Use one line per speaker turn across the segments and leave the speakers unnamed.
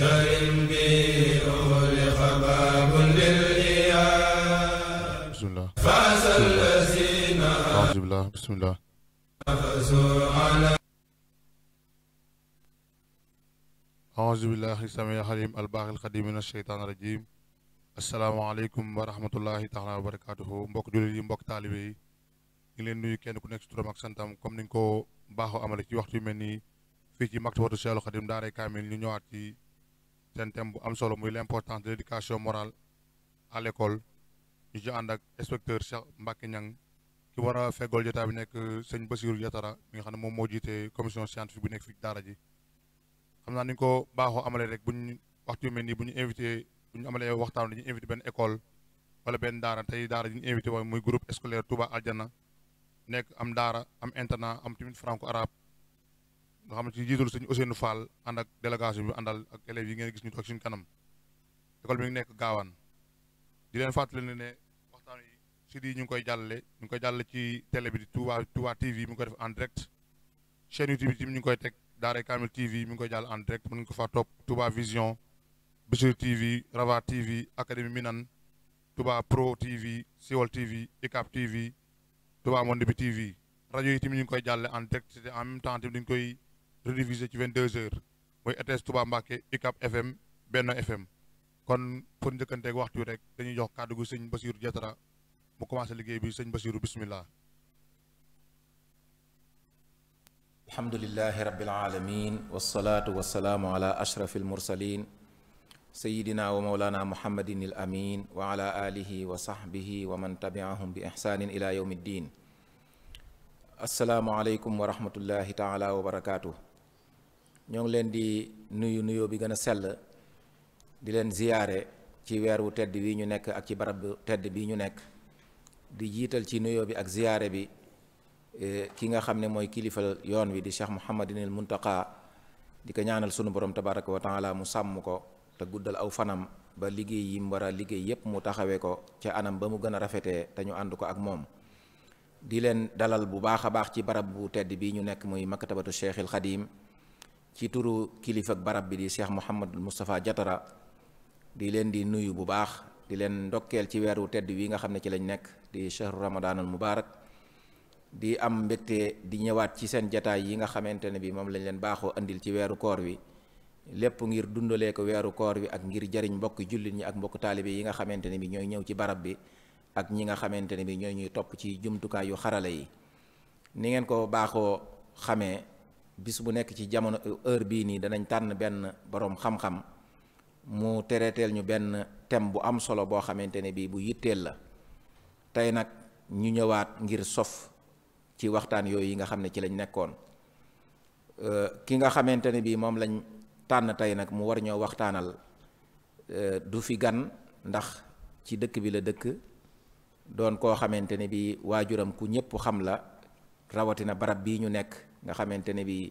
bismillah
aouzu billahi samil alim albaaxil xadim min asheytaan rajim asalaamaaleykum wa rahmatullahi taala wa barakatuhu mbokk jullit yi mbokk taalibe yi ngi leen nuyu kenn ku nekk ci turam ak santam comme niñ ko baaxoo amale ci waxtu yu mel nii fii ci maktabatu Seexul Xadim daaray kaamil ñu ñëwaat ci seen thème bu am solo muy l'importance de l'éducation morale à l'école ñu ci ànd ak inspecteur Cheikh Mbacke Niang ki war a feggool jotaay bi nekk euh, sëñ Bassirou Yatara mi nga xam ne moom moo jiite commission scientifique bu nekk fi daara ji xam naa ni ñu ko baaxoo amalee rek bu ñu waxtu yu mel nii bu ñu invité bu ñu amalee waxtaan dañuy invité benn école wala ben daara tey daara ñu invité woon muy groupe scolaire Touba Aljana nekk am daara am internat am tamit franco arabe nga xam ne ci jiitul sëñ Ousseynou Fall ànd ak délégation bi àndal ak élèves yi ngeen gis ñu toog suñu kanam école ngi nekk gaawaan di leen fàttali ne ne waxtaan yi si di ñu ngi koy jàllale ñu ngi koy jàllale ci télé bi di Touba Touba mi ngi koy def en direct chaîne YouTube ñu ngi koy teg Daaray Kamil TV mi ngi koy jàll en direct mën ngi ko faa topp Touba Vision Bichri TV Rava TV Académie Minan Touba Pro TV Siwal TV Icap TV Touba Monde bi TV rajo yi tamit ñu ngi koy jàlle en direct en même temps tamit ngi koy rediffusé ci 22h mooy RTS Touba Mbacké FM Benno FM kon pour njëkkanteeg waxtu rek dañuy jox kàddu gu sëñ Basiru Jatara mu commencé liggéey bi sëñ Basiru bismillah
alhamdulillahi rabbil alamin wassalaatu wa mawlana muhammadin il amin ila yawmi ddin aleykum wa rahmatullahi wa barakatuh ñoo ngi leen di nuyu nuyoo bi gën a sell di leen ziyaare ci weer wu tedd bii ñu nekk ak ci barab bu tedd bii ñu nekk di jiital ci nuyoo bi ak ziyaare bi e, ki nga xam ne mooy kilifal yoon wi di Cheikh Mouhamadinil Muntaqa di ko ñaanal sunu borom tabaraka wa mu sàmm ko te guddal aw fanam ba liggéey yim mu war liggéey yépp mu taxawee ko ca anam ba mu gën a rafetee te ñu ànd ko ak moom di leen dalal bu baax a baax ci barab bu tedd bii ñu nekk muy maktabatu Cheikhil Xadim ci turu kilifa barab bi di Cheikh Mouhamadul Moustapha Jatara di leen di nuyu bu baax di leen ndokkeel ci weeru tedd wi nga xam ne ci lañ nekk di chahru ramadanul mubarak di am mbégte di ñëwaat ci seen jataay yi nga xamante ne bi moom lañ leen baaxoo indil ci weeru koor wi lépp ngir dundalee ko weeru koor wi ak ngir jariñ mbokk jullit ñi ak mbokk taalibe yi nga xamante ne bi ñooy ñëw ci barab bi ak ñi nga xamante ne bi ñooy ñuy topp ci jumtukaay yu xarala yi ni ko baaxoo xamee bis bu nekk ci jamono heure bii nii danañ tànn benn boroom xam-xam mu tereeteel ñu benn thème bu am solo boo xamante ne bii bu yitteel la tey nag ñu ñëwaat ngir sof ci waxtaan yooyu yi nga xam ne ci lañ nekkoon euh, ki nga xamante ne bii moom lañ tànn tey nag mu war ñoo waxtaanal euh, du fi gan ndax ci dëkk bi la dëkk doon koo xamante ne bii waajuram ku ñëpp xam la rawatina barab bii ñu nekk. nga xamante ne bi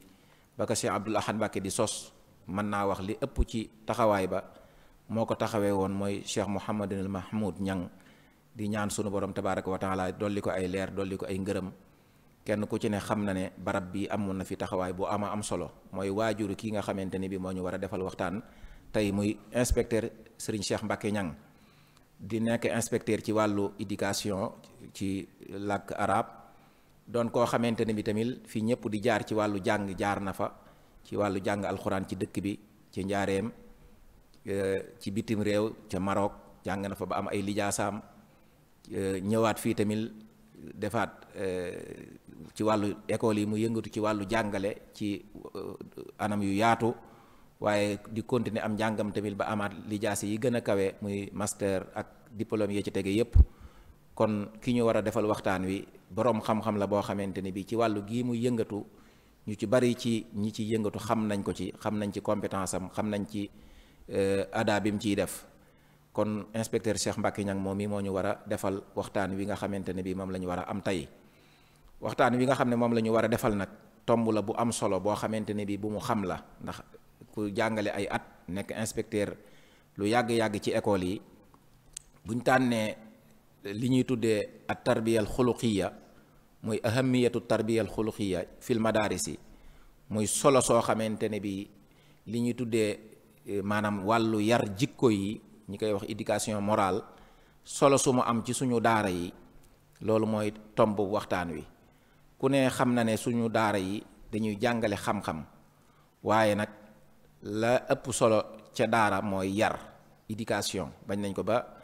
ba ko Cheikh Abdoul Ahad di sos mën naa wax li ëpp ci taxawaay ba moo ko taxawee woon mooy Cheikh Mouhamadul Mahmoud Ñang di ñaan sunu borom tabaaraka wa taala dolli ko ay leer dolli ko ay ngërëm kenn ku ci ne xam na ne barab bi amoon na fi taxawaay bu ama am solo mooy waajuru ki nga xamante ne bi moo ñu war a defal waxtaan tey muy inspecteur Serigne Cheikh Mbacké Ñang di nekk inspecteur ci wàllu éducation ci làkk arab doon koo xamante ne bi tamit fii ñëpp di jaar ci wàllu jàng jaar na fa ci wàllu jàng alxuraan ci dëkk bi ci njaareem e, ci bitim réew ca Maroc jàng na fa ba am ay lijaasaam e, ñëwaat fii tamit defaat e, ci wàllu école yi mu yëngatu ci wàllu jàngale ci anam yu yaatu waaye di continuer am njàngam tamit ba amaat lijaasa yi gën a kawe muy master ak diplôme yi ci tege yépp kon ki ñu war a defal waxtaan wi boroom xam-xam la boo xamante ni bi ci wàllu gii mu yëngatu ñu ci bari ci ñi ci yëngatu xam nañ ko ci xam nañ ci compétence am xam nañ ci euh, ada bi mu ciy def kon inspecteur Cheikh Mbacke Niang moom mii moo ñu war a defal waxtaan wi nga xamante ne bi moom la ñu war a am tey waxtaan wi nga xam ne moom la ñu war a defal nag tomb la bu am solo boo xamante ne bi bu mu xam la ndax ku jàngale ay at nekk inspecteur lu yàgg-yàgg ci école yi buñ tànnee li ñuy tuddee at tarbiya al xiiya muy ahamiyatu tarbiya al xuluqiya fil madaaris yi muy solo soo xamante ne bii li ñuy tuddee eh, maanaam wàllu yar jikko yi ñi koy wax éducation morale solo su mu am ci suñu daara yi loolu mooy tomb waxtaan wi ku ne xam na ne suñu daara yi dañuy jàngale xam-xam waaye nag la ëpp solo ca daara mooy yar éducation bañ nañ ko ba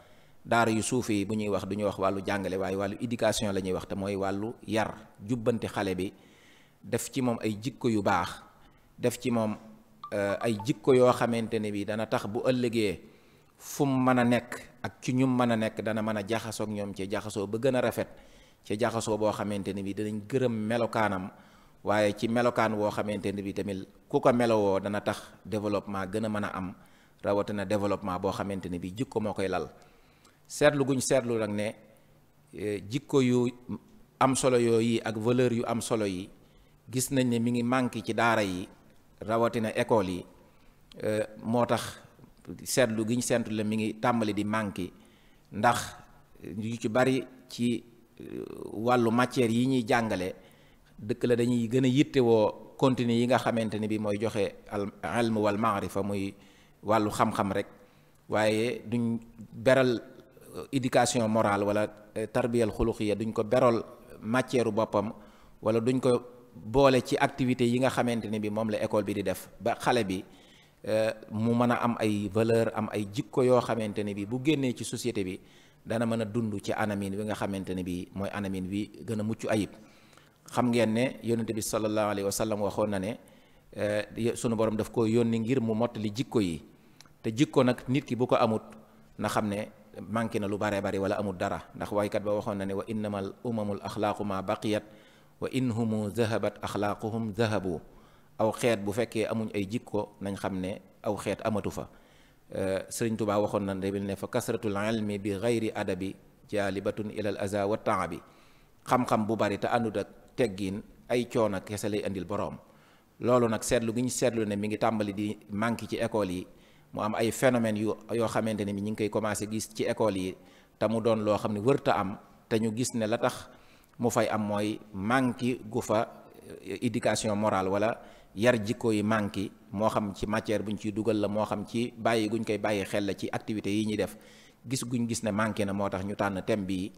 daar yu suufe yi bu ñuy wax du ñuy wax wàllu jàngale waaye wàllu éducation la ñuy wax te mooy wàllu yar jubbanti xale bi def ci moom ay jikko yu baax def ci moom euh, ay jikko yoo xamante ne bi dana tax bu ëllëgee fu mën a nekk ak ci ñum mën a nekk dana mën a jaxasoo ñoom ci jaxasoo ba gën a rafet ci jaxasoo boo xamante ne bi danañ gërëm melokaanam waaye ci melokaan woo xamante ne bi tamit ku ko melowoo dana tax développement gën a mën a am rawatina développement boo xamante ne bi jikko moo koy lal seetlu gu ñu seetlu nag ne eh, jikko yu am solo yooyu ak valeur yu am solo yi gis nañ ne mi ngi manqué ci daara yi rawatina école yi eh, moo tax seetlu giñ seentu la mi ngi tàmbali di manqué ndax yu ci bari ci eh, wàllu matière yi ñuy jàngale dëkk la dañuy gën a yittewoo continue yi nga xamante ni bi mooy joxe al ilm wal maarifa muy wàllu xam-xam rek waaye duñ beral éducation morale wala euh, tarbiyal xuluxiya duñ ko beral matière boppam wala duñ ko boole ci activité yi nga xamante ne bi moom la école bi di def ba xale bi euh, mu mën a am ay valeur am ay jikko yoo xamante ne bi bu génnee ci société bi dana mën a dund ci anamin wi nga xamante ne bi mooy anamin wi gën a mucc ayib xam ngeen ne yonente bi sallallahu alayhi wa sallam waxoon na ne euh, sunu borom daf ko yónni ngir mu mottali jikko yi te jikko nag nit ki bu ko amut manqué na lu baree bari wala amul dara ndax waykat ba waxoon na ne wa innamal umamul axlaaqu ma baqiyat wa inhumu zahabat axlaaquhum zahabu aw xeet bu fekkee amuñ ay jikko nañ xam ne aw xeet amatu fa euh, sëriñ tubaa waxoon na debil ne fa kasratul ilmi bi gayri adabi jaalibatun ilal aza wa taabi xam-xam bu bari te àndut ak teggin ay coono kese lay indil boroom loolu nag seetlu gi ñu seetlu ne mi ngi tàmbali di manqué ci école yi mu am ay phénomènes yu yoo xamante ne bi ñu ngi koy commencer gis ci école yi te mu doon loo xam ne wërta am te ñu gis ne la tax mu fay am mooy manque gu fa euh, éducation morale wala yar jikko yi manque moo xam ci matière bu ñu ciy dugal la moo xam ci bàyyi koy bàyyi xel la ci activités yi ñuy def gis guñ gis ne manqué na moo tax ñu tànn thème bi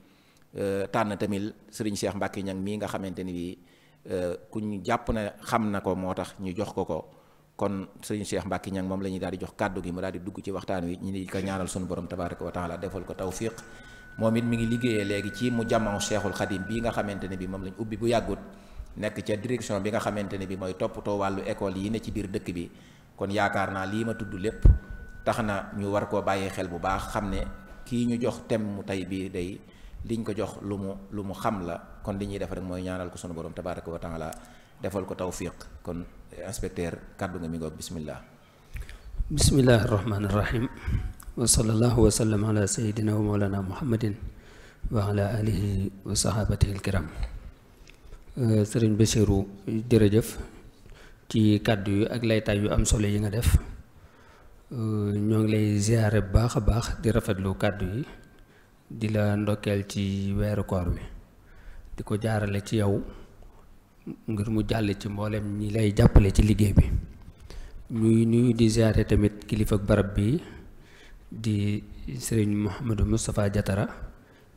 euh, tànn tamit Serigne Cheikh Mbacke ñan mii nga xamante ni bii euh, ku ñu jàpp na xam na ko moo tax ñu jox ko ko kon sëriñ Cheikh Mbacke Niang moom la ñuy daal di jox kàddu gi mu daal di dugg ci waxtaan wi ñu di ko ñaanal sunu borom tabaraka wa taala defal ko tawfiq moom it mi ngi liggéeyee léegi ci mu jàmmaw Cheikhul Khadim bii nga xamante ne bi moom lañ ubbi bu yàggut nekk ca direction bi nga xamante ne bi mooy toppatoo wàllu école yi ne ci biir dëkk bi kon yaakaar naa lii ma tudd lépp tax na ñu war koo bàyyee xel bu baax xam ne kii ñu jox tem mu tey bii day liñ ko jox lu mu lu mu xam la kon li ñuy mooy ñaanal ko sunu borom tabaraka wa taala defal ko tawfiq kon inspecteur kàddu nga mi ngoog bismillah
bismillahi rahmaani rahim wa sallallahu wa sallam ala sayidina wa muhammadin wa ala wa sahabatihi alkiram euh, sëriñ Bassirou jërëjëf ci kàddu yu ak laytaay yu am solo yi nga def euh, ñoo ngi lay ziyaare bu baax a baax di rafetlu kàddu yi di la ndokkeel ci weeru koor wi di ko jaarale ci yow ngir mu jàll ci mboolem ñi lay jàppale ci liggéey bi ñuy nuyu di ziare tamit kilifa barab bi di sëriñ Mouhamadou Moustapha Jatara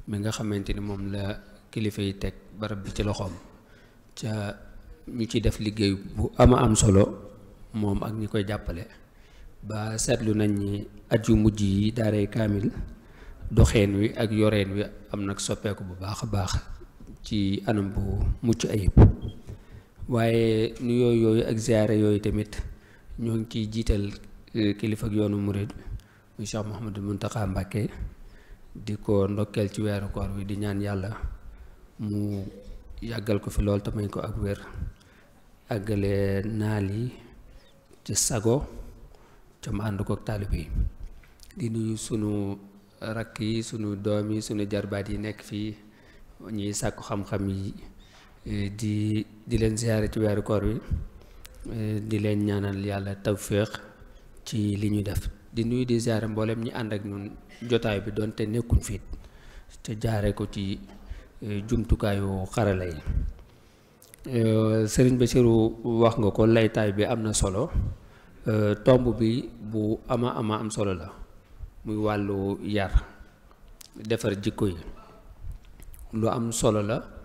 mi nga xamante ni moom la kilifa yi teg barab bi ci loxoom ca ñu ci def liggéey bu ama am solo moom ak ñi koy jàppale ba seetlu nañ ni at yu mujj yi daaray kaamil doxeen wi ak yoreen wi am nag soppeeku bu baax a baax ci anam bu mucc ayib waaye nuyoo yooyu ak ziyaare yooyu tamit ñoo ngi ciy jiital eh, kilifa yoonu murid muy Cheikh Mouhamadou Mountakha Mbacké di ko ndokkeel ci weeru koor wi di ñaan yàlla mu yàggal ko fi lool tamay ko ak wér àggale naal yi ci sago ca ànd ko ak taalibe yi di nuyu sunu rakk yi sunu doom yi sunu jarbaat yi nekk fii ñuy sàkku xam-xam yi Eh, di di leen ziare ci weeru koor wi eh, di leen ñaanal yàlla tawféex ci li ñuy def di nuyu di ziare mboolem ñi ànd ak ñun jotaay bi doonte nekkuñ fiit te jaare ko ci eh, jumtukaayu xarala yi sëriñ Bassirou wax nga ko laytaay bi am na solo tomb bi bu ama ama am solo la muy wàllu yar defar jikko yi lu am solo la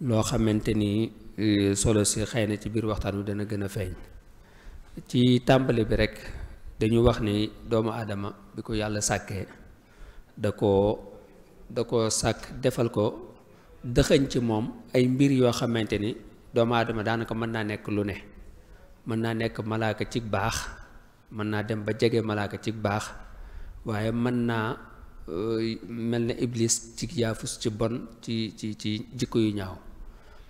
loo xamante ni euh, solo si xëy na ci biir waxtaan wi dana gën a feeñ ci tàmbali bi rek dañu wax ni doomu aadama bi ko yàlla sàkkee da ko da ko sàkk defal ko dëxëñ ci moom ay mbir yoo xamante ni doomu aadama daanaka mën naa nekk lu ne mën naa nekk malaaka ci baax mën naa dem ba jege malaaka ci baax waaye mën naa euh, mel na iblis ci yaafus ci bon ci ci ci jikko yu ñaaw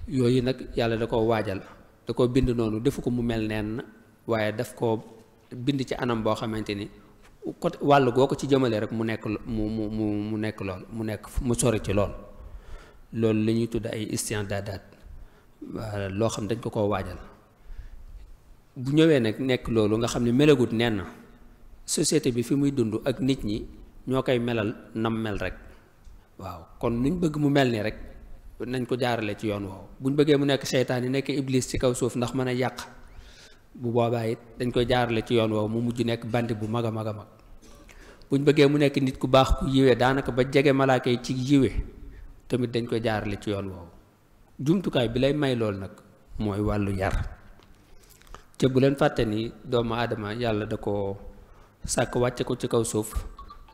yooyu nag yàlla da koo waajal da koo bind noonu defu ko mu mel neen waaye daf koo bind ci anam boo xamante ni côté wàll goo ko ci jëmale rek mu nekk mu mu mu mu nekk lool mu nekk mu sori ci lool loolu la ñuy tudd ay isti'daadaat loo xam dañ ko koo waajal bu ñëwee nag nekk loolu nga xam ni melagut nen na société bi fi muy dund ak nit ñi ñoo koy melal nam mel rek waaw kon luñ bëgg mu mel nii rek nañ ko jaarale ci yoon bu ñu bëggee mu nekk seytaan yi nekk iblis ci kaw suuf ndax mën a yàq bu boobaa it dañ koy jaarale ci yoon woowu mu mujj nekk bandi bu mag a mag a mag buñ bëggee mu nekk nit ku baax ku yiwee daanaka ba jege malaaka yi ci yiwee tamit dañ koy jaarale ci yoon woowu jumtukaay bi lay may lool nag mooy wàllu yar te bu leen fàtte ni doomu aadama yàlla da ko sàkk wàcce ko ci kaw suuf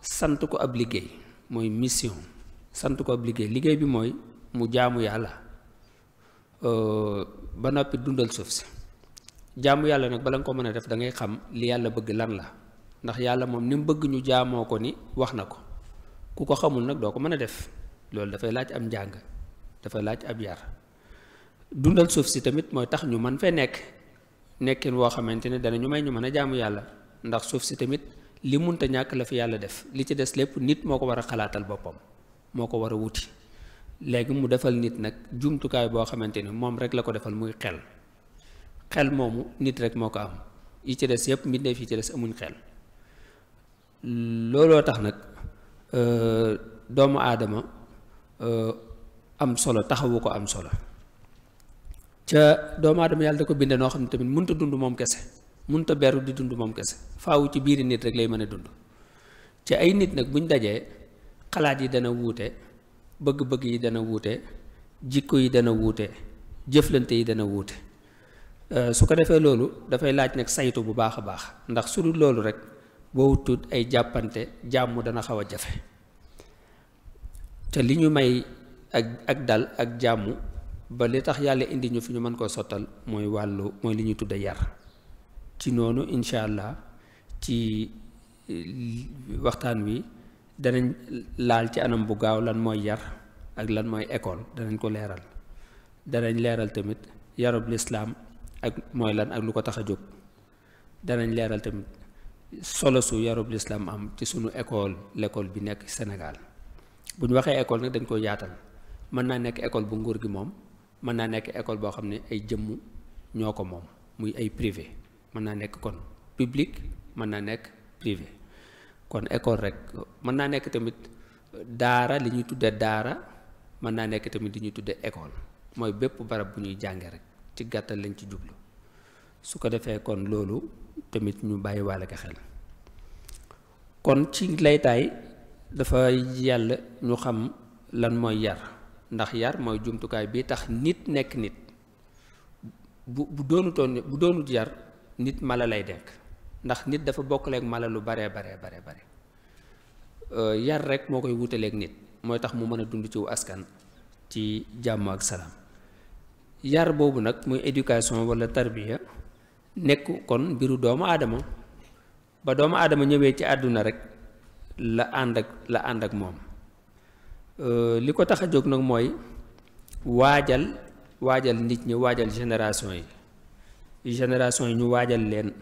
sant ko ab liggéey mooy mission sant ko ab liggéey liggéey bi mooy mu jaamu yàlla euh, ba noppi dundal suuf si jaamu yàlla nag bala nga ko mën a def da ngay xam li yàlla bëgg lan la ndax yàlla moom ni mu bëgg ñu jaamoo ko ni wax na ko ku ko xamul nag doo ko mën a def loolu dafay laaj ab njàng dafay laaj ab yar dundal suuf si tamit mooy tax ñu mën fee nekk nekkin woo xamante ne dana ñu may ñu mën a jaamu yàlla ndax suuf si tamit li munta ñàkk la fi yàlla def li ci des lépp nit moo ko war a xalaatal boppam moo ko war wuti léegi mu defal nit nag jumtukaay boo xamante ni moom rek la ko defal muy xel xel moomu nit rek moo ko am yi ci des yëpp mbindeef yi ci des amuñ xel looloo tax nag euh, doomu aadama euh, am solo taxawu ko am solo ca doomu aadama yàlla da ko bindee noo xam ne tamit a dund moom kese mënta beru di dund moom kese faawu ci biiri nit rek lay mën a dund ci ay nit nag buñ dajee xalaat yi dana wuute bëgg-bëgg yi dana wuute jikko yi dana wuute jëflante yi dana wuute euh, su ko defee loolu dafay laaj nag saytu bu baax a baax ndax su dul loolu rek boo wutut ay jàppante jàmm dana xaw a jafe te li ñu may ak dal ak jàmm ba li tax yàlla indi ñu fi ñu mën koo sottal mooy wàllu mooy li ñu tudde yar ci noonu incha allah ci euh, waxtaan wi danañ laal ci anam bu gaaw lan mooy yar ak lan mooy école danañ ko leeral danañ leeral tamit yarub lislaam ak mooy lan ak lu ko tax a jóg danañ leeral tamit solo su yarub lislaam am ci suñu école l'école bi nekk Sénégal bu ñu waxee école nag dañ ko yaatal mën naa nekk école bu nguur gi moom mën naa nekk école boo xam ne ay jëmm ñoo ko moom muy ay privé mën naa nekk kon public mën naa nekk privé kon école rek mën naa nekk tamit daara li ñuy tuddee daara mën naa nekk tamit li ñuy tuddee école mooy bépp barab bu ñuy jànge rek ci gàttal lañ ci jublu su ko defee kon loolu tamit ñu bàyyi waale ko xel kon ci laytaay dafa yàlla ñu xam lan mooy yar ndax yar mooy jumtukaay bi tax nit nekk nit bu bu doonutoon bu doonut yar nit mala lay dekk ndax nit dafa bokkaleeg mala lu baree baree baree bare euh, yar rek moo koy wutaleeg nit mooy tax mu mën a dund ci wu askan ci jàmm ak salaam yar boobu nag muy éducation wala tarbiya nekk kon mbiru doomu aadama ba doomu aadama ñëwee ci àdduna rek la ànd ak la ànd ak moom euh, li ko tax a jóg nag mooy waajal waajal nit ñi waajal génération yi génération yi ñu waajal leen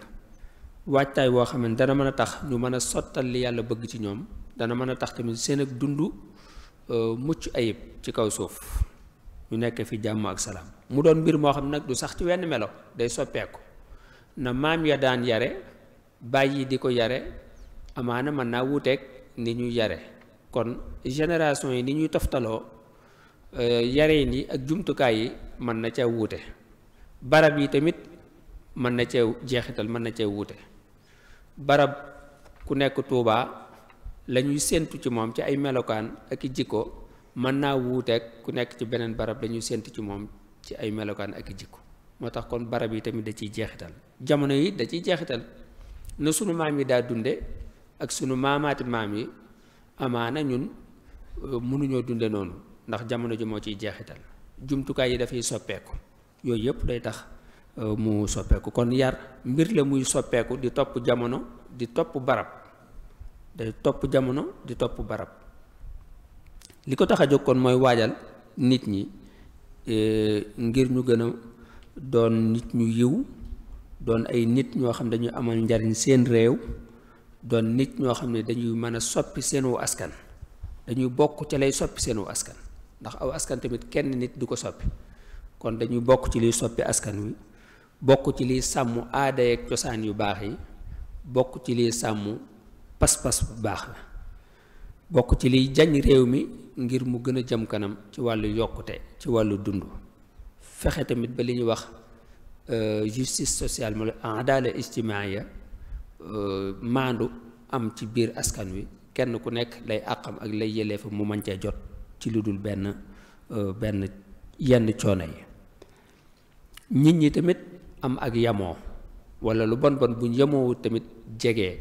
waajtaay woo xam ne dana mën a tax ñu mën a sottal li yàlla bëgg ci ñoom dana mën a tax tamit seen ak dund euh, mucc ayib ci kaw suuf ñu nekk fi jàmm ak salaam mu doon mbir moo xam nag du sax ci wenn melo day soppeeku na maam ya daan yare bàyyi di ko yare amaana mën naa wuuteeg ni ñuy yare kon génération yi ni ñuy toftaloo euh, yare yi ni ak jumtukaay yi mën na cee wuute barab yi tamit mën na cee jeexital mën na cee wuute barab ku nekk Touba lañuy ñuy séentu ci moom ci ay melokaan ak i jikko mën naa wuuteeg ku nekk ci beneen barab la ñuy séentu ci moom ci ay melokaan ak i jikko moo tax kon barab yi tamit da ciy jeexital jamono yi da ciy jeexital na sunu maam yi daa dunde ak sunu maamaati maam yi amaana ñun euh, mënuñoo dunde noonu ndax jamono ji moo ciy jeexital jumtukaay yi dafay soppeeku yooyu yëpp day tax Euh, mu soppeeku kon yar mbir la muy soppeeku di topp jamono di topp barab day topp jamono di topp barab li ko tax a jóg kon mooy waajal nit ñi euh, ngir ñu gën a doon nit ñu yiw doon ay nit ñoo xam ne dañuy amal njariñ seen réew doon nit ñoo xam ne dañuy mën a soppi seenu askan dañuy bokk ci lay soppi seenu askan ndax aw askan tamit kenn nit du ko soppi kon dañuy bokk ci liy soppi askan wi bokk ci liy sàmm aada ak cosaan yu baax yi bokk ci liy sàmm pas-pas bu baax la bokk ci liy jañ réew mi ngir mu gën a jëm kanam ci wàllu yokkute ci wàllu dund fexe tamit ba li ñuy wax euh, justice sociale mu la adala ijtimaaya euh, maandu am ci biir askan wi kenn ku nekk lay àqam ak lay yëleefa mu mën cee jot ci lu dul benn euh, benn yenn coono yi nit ñi tamit am ak yamoo wala lu bon bon buñ yamoowut tamit jege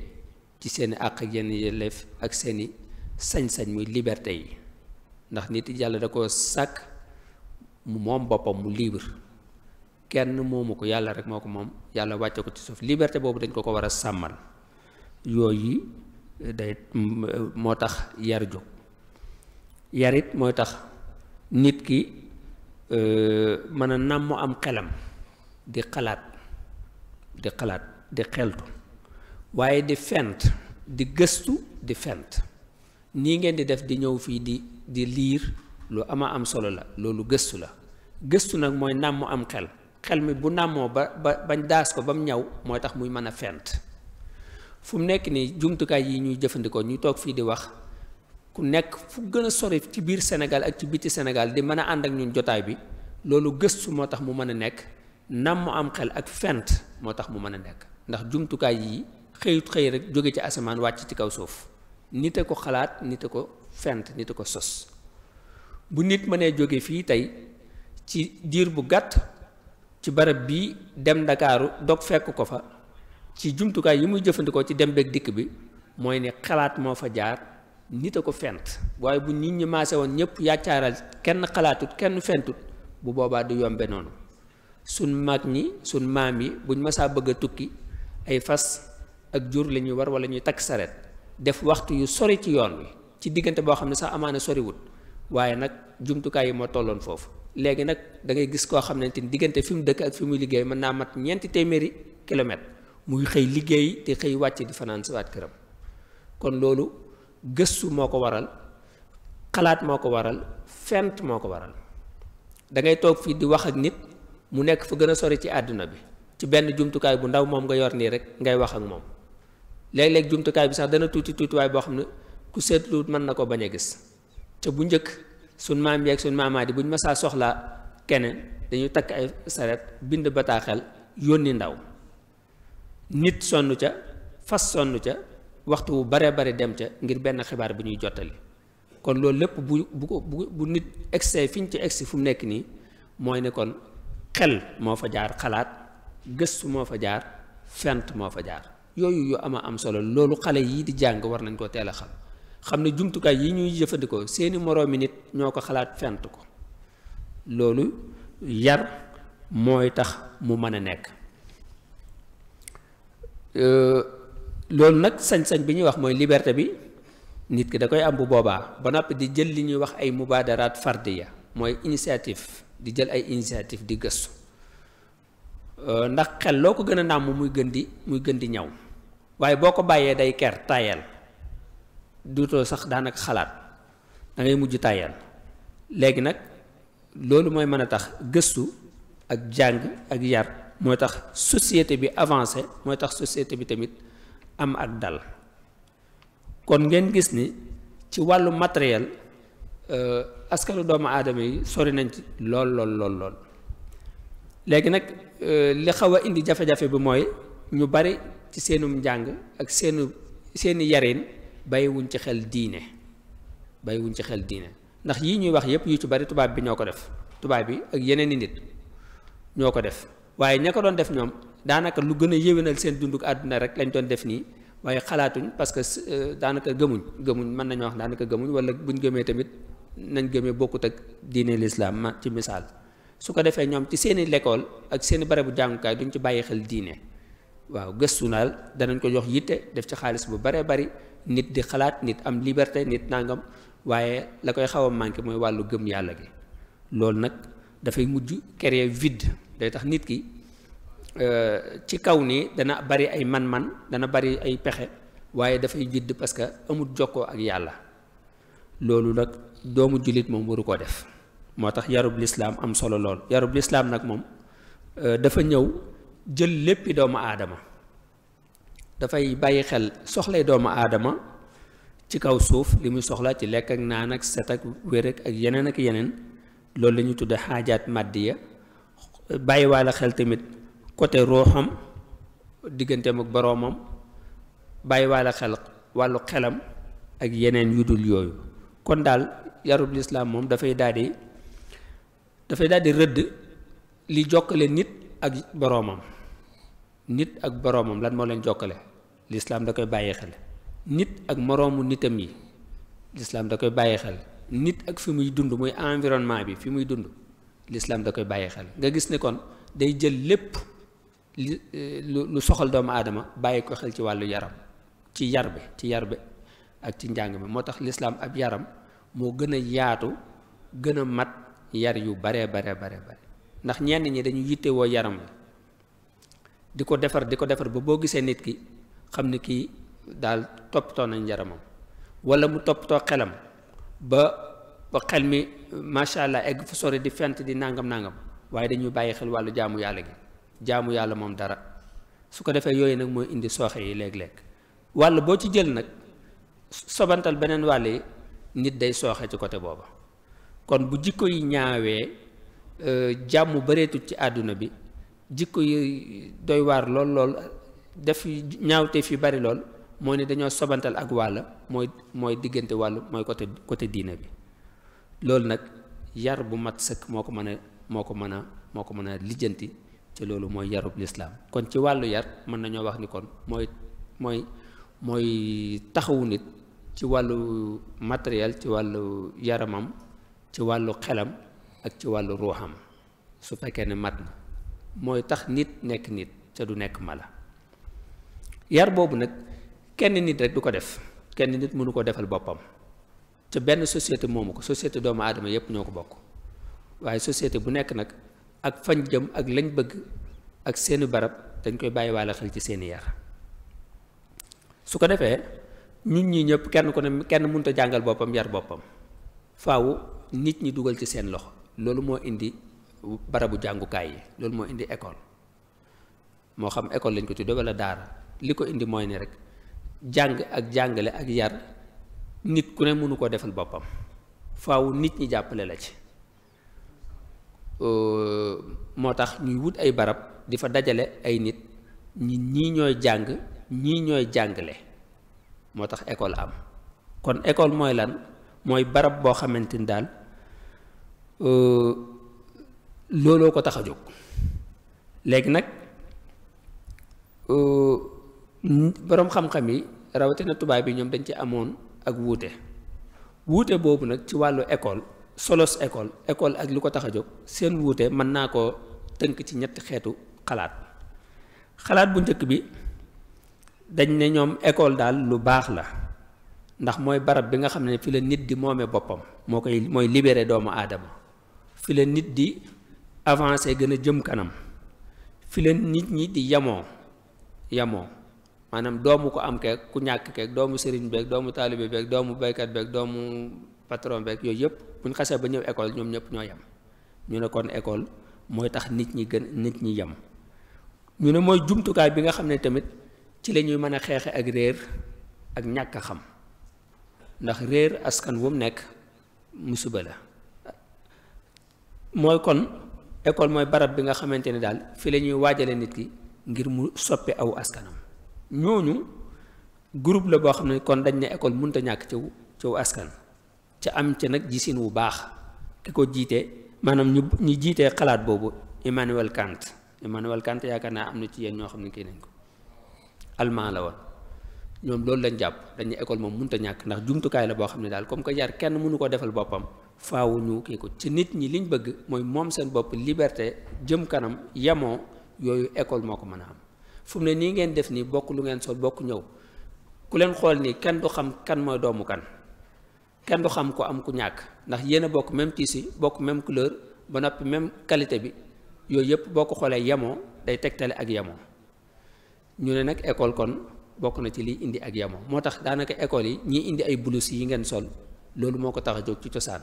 ci seeni àq ak yenn yelleef ak seeni sañ-sañ muy liberté yi ndax nit yi yàlla da ko sàkk mu moom boppam mu libre kenn moomu ko yàlla rek moo ko moom yàlla wàcce ko ci suuf liberté boobu dañ ko ko war a sàmmal yooyu eh, day mm, eh, moo tax yar jóg yarit mooy tax nit ki eh, mën a nàmm am xelam di xalaat di xalaat di xeltu waaye di fent di gëstu di fent nii ngeen di def di ñëw fii di di liir lu ama am solo la loolu gëstu la gëstu nag mooy nàmm am xel xel mi bu nàmmoo ba ba bañ daas ko bam mu ñaw mooy tax muy mën a fent fu mu nekk nii jumtukaay yi ñuy jëfandikoo ñu toog fii di wax ku nekk fu gën a sori ci biir senegal ak ci biti senegal di mën a ànd ak ñun jotaay bi loolu gëstu moo tax mu mën a nekk nam mu am xel ak fent moo tax mu mën a nekk ndax jumtukaay yi xëyut xëy rek jóge ci asamaan wàcc ci kaw suuf nite ko xalaat nite ko fent nite ko sos bu nit mënee jóge fii tey ci diir bu gàtt ci barab bii dem ndakaaru dog fekk ko fa ci jumtukaay yi muy jëfandikoo ci dem beeg dikk bi mooy ne xalaat moo fa jaar nit a ko fent waaye bu nit ñi maase woon ñëpp yaccaaral kenn xalaatut kenn fentut bu boobaa di yombe noonu suñ mag ñi suñ maam yi ñu masaa bëgg a tukki ay fas ak jur la ñuy war wala ñuy takk saret def waxtu yu sori ci yoon wi ci diggante boo xam ne sax amaana soriwut waaye nag jumtukaay yi moo tolloon foofu léegi nag da ngay gis koo xamante ni diggante fi mu dëkk ak fi muy liggéey mën naa mat ñeenti téeméeri kilomètre muy xëy liggéey te xëy wàcc di fanaan si waat këram kon loolu gëstu moo ko waral xalaat moo ko waral fent moo ko waral da toog fii di mu nekk fa gën a sori ci àdduna bi ci benn jumtukaay bu ndaw moom nga yor nii rek ngay wax ak moom léeg-léeg jumtukaay bi sax dana tuuti tuutiwaay boo xam ne ku seetluwut mën na ko bañ a gis te bu njëkk suñ maam yeeg suñ maamaat bu ñu masaa soxlaa keneen dañu takk ay saret bind bataaxel yónni ndaw nit sonn ca fas sonn ca waxtu wu baree bari dem ca ngir benn xibaar bi ñuy jottali kon loolu lépp bu bu bu nit egsee fi ñu ci egsi fu mu nekk nii xel moo fa jaar xalaat gëstu moo fa jaar fent moo fa jaar yooyu yu am a am solo loolu xale yii di jàng war nañ koo teel a xam xam ne jumtukaay yi ñuy jëfandikoo seeni moroomi nit ñoo ko xalaat fent ko loolu yar mooy tax mu mën a nekk euh, loolu nag sañ-sañ bi ñuy wax mooy liberté bi nit ki da koy am bu boobaa ba noppi di jël li ñuy wax ay mubaadaraat fardiya mooy initiative di jël ay initiative di gëstu euh, ndax xel loo ko gën a nàmm muy gën di muy gën di ñaw waaye boo ko bàyyee day ker tayal duutoo sax daanaka xalaat dangay mujj tayal léegi nag loolu mooy mën a tax gëstu ak jàng ak yar mooy tax société bi avancé mooy tax société bi tamit am ak dal kon ngeen gis ni ci wàllu matériel. Euh, askanu doomu aadama yi sori nañ ci lool lool lool léegi nag euh, li xaw a indi jafe-jafe bi mooy ñu bari ci seenum njàng ak seenu seeni yarin bàyyiwuñ ci xel diine bàyyiwuñ ci xel diine ndax yii ñuy wax yépp yu ci bari tubaab bi ñoo ko def tubaab bi ak yeneen i nit ñoo ko def waaye ña ko doon def ñoom daanaka lu gën a yéwénal seen dunduk àdduna rek lañ doon def nii waaye xalaatuñ parce que euh, daanaka gëmuñ gëmuñ mën nañu wax daanaka gëmuñ wala buñ gëmee tamit nañ gëmee bokkut ak diine lislaam ma ci misaal su ko defee ñoom ci seeni lekkool ak seeni barabu jàngukaay duñ ci bàyyi xel diine waaw gëstu naal danañ ko jox yitte def ci xaalis bu baree bari nit di xalaat nit am liberté nit nangam waaye la koy xaw a manqué mooy wàllu gëm yàlla gi loolu nag dafay mujj créer vide day tax nit ki euh, ci kaw nii dana bari ay man-man dana bari ay pexe waaye dafay vide parce que amul jokkoo ak yàlla loolu nag doomu jullit moom waru koo def moo tax yarub lislaam am solo lool yarub lislaam nag moom euh, dafa ñëw jël léppi doomu aadama dafay bàyyi xel soxlay doomu aadama ci kaw suuf li muy soxla ci lekk ak naan ak set ak wér ak yeneen ak yeneen loolu la ñuy tudde xaajaat màddiya bàyyiwaale xel tamit côté rooxam digganteem ak boroomam bàyyiwaale xel wàllu xelam ak yeneen yu dul yooyu kon daal yarub lislaam moom dafay daal dafay daal rëdd li jokkale nit ak boroomam nit ak boroomam lan moo leen jokkale lislaam da koy bàyyi xel nit ak moroomu nitam yi lislaam da koy bàyyi xel nit ak fi muy dund muy environnement bi fi muy dund lislaam da koy bàyyi xel nga gis ne kon day jël lépp li lu soxal doomu aadama bàyyi ko xel ci wàllu yaram ci yar bi ci yar bi ak ci njàng mi moo tax lislaam ab yaram moo gën a yaatu gën a mat yar yu bare bare bare bare ndax ñenn ñi dañu yitte woo yaram la di ko defar di ko defar ba boo gisee nit ki xam ne kii daal toppatoo nañ njaramam wala mu toppatoo xelam ba ba xel mi macha allah egg fu sori di fent di nangam nangam waaye dañu bàyyi xel wàllu jaamu yàlla gi jaamu yàlla moom dara su ko defee yooyu nag mooy indi sooxe yi léeg lekk wàll boo ci jël nag sobantal beneen wàll yi nit day sooxe ci côté booba kon bu jikko yi ñaawee euh, jàmm bareetut ci àdduna bi jikko yi doy waar lool lool def ñaawte fi bari lool moo ne dañoo sobantal ak wàll mooy mooy diggante wàll mooy côté côté diina bi loolu nag yar bu mat sëkk moo ko mën a moo ko mën a moo ko mën a lijjanti ci loolu mooy yarub lislaam kon ci wàllu yar mën nañoo wax ni kon mooy mooy mooy taxawu nit ci wàllu matériel ci wàllu yaramam ci wàllu xelam ak ci wàllu ruuxam su fekkee ne mat na mooy tax nit nekk nit te du nekk mala yar boobu nag kenn nit rek du ko def kenn nit mënu koo defal boppam te benn société moomu ko société doomu aadama yépp ñoo ko bokk waaye société bu nekk nag ak fañ jëm ak lañ bëgg ak seeni barab dañ koy bàyyi waale xel ci seeni yar su ko defee ñun ñi ñëpp kenn ku ne kenn mënut a jàngal boppam yar boppam faaw nit ñi dugal ci seen loxo loolu moo indi barabu jàngukaay yi loolu moo indi école moo xam école lañ ko tuddee wala daara li ko indi mooy ne rek jàng ak jàngale ak yar nit ku ne mënu koo defal boppam faaw nit ñi jàppale la ci moo tax ñuy wut ay barab di fa dajale ay nit ñi ñii ñooy jàng ñii ñooy jàngale. moo tax école am kon école mooy lan mooy barab boo xamante ni daal euh, looloo ko tax a jóg léegi nag euh, boroom xam-xam yi rawatina tubaab yi ñoom dañ ci amoon ak wuute wuute boobu nag ci wàllu école solos école école ak lu ko tax a jóg seen wuute mën naa ko tënk ci ñetti xeetu xalaat xalaat bu njëkk bi dañ ne ñoom école daal lu baax la ndax mooy barab bi nga xam ne fi la nit di moome boppam moo koy mooy libéré doomu aadama fi la nit di avancé gën a jëm kanam fi la nit ñi di yamoo yamoo maanaam doomu ko am keek ku ñàkk keek doomu sëriñ beeg doomu taalibe beeg doomu baykat beeg doomu patron beeg yooyu yëpp bu ñu xasee ba ñëw école ñoom ñëpp ñoo yem ñu ne kon école mooy tax nit ñi gën nit ñi yem ñu ne mooy jumtukaay bi nga xam ne tamit ci la ñuy mën a xeexe ak réer ak ñàkk a xam ndax réer askan wu mu nekk musiba la mooy kon école mooy barab bi nga xamante ne daal fi la ñuy waajale nit ki ngir mu soppi aw askanam ñooñu groupe la boo xam ne kon dañ ne école mënut ñàkk ciw ciw askan ca am ca nag gisin wu baax ki ko jiitee maanaam ñu ñu jiitee xalaat boobu Emmanuel Kant Emmanuel Kant yaakaar naa am na ci yéen ñoo xam ne kii nañ ko allemand la woon ñoom loolu lañ jàpp dañuy école moom mënut a ñàkk ndax jumtukaay la boo xam ne daal comme ko yar kenn mënu ko defal boppam faaw ñu kii ko ci nit ñi liñ bëgg mooy moom seen bopp liberté jëm kanam yemo yooyu école moo ko mën a am fu mu ne nii ngeen def nii bokk lu ngeen sol bokk ñëw ku leen xool nii kenn du xam kan mooy doomu kan kenn du xam ko am ku ñàkk ndax yéen a bokk même tissu bokk même couleur ba noppi même qualité bi yooyu yëpp boo ko xoolee ak yemoo ñu ne nag école kon bokk na ci liy indi ak yamo moo tax daanaka école yi ñiy indi ay bulus yi ngeen sol loolu moo ko tax a jóg ci cosaan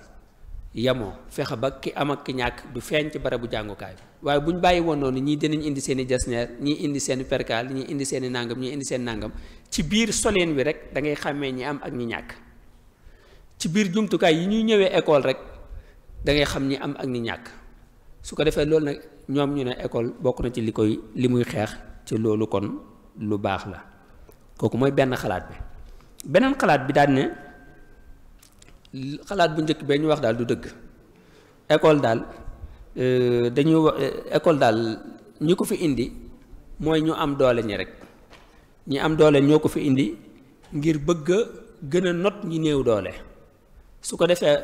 yamoo fexe ba ki am ak ki ñàkk du feeñ ci barabu jàngukaay bi waaye bu ñu bàyyi woon noonu ñii dinañ indi seen i jasneer ñi indi seen i perkaal ñii indi seen i nàngam ñi indi seen nàngam ci biir soleen wi rek da ngay xàmmee ñi am ak ñi ñàkk ci biir jumtukaay yi ñuy ñëwee école rek da ngay xam ñi am ak ñi ñàkk su ko defee loolu nag ñoom ñu ne école bokk na ci li koy li muy xeex ci loolu kon lu baax la kooku mooy benn xalaat bi beneen xalaat bi daal ne xalaat bu njëkk bee ñu wax daal du dëgg école daal euh, dañuy wax euh, école daal ñi ko fi indi mooy ñu am doole ñi rek ñi am doole ñoo ko fi indi ngir bëgg a gën a not ñi néew doole su ko defee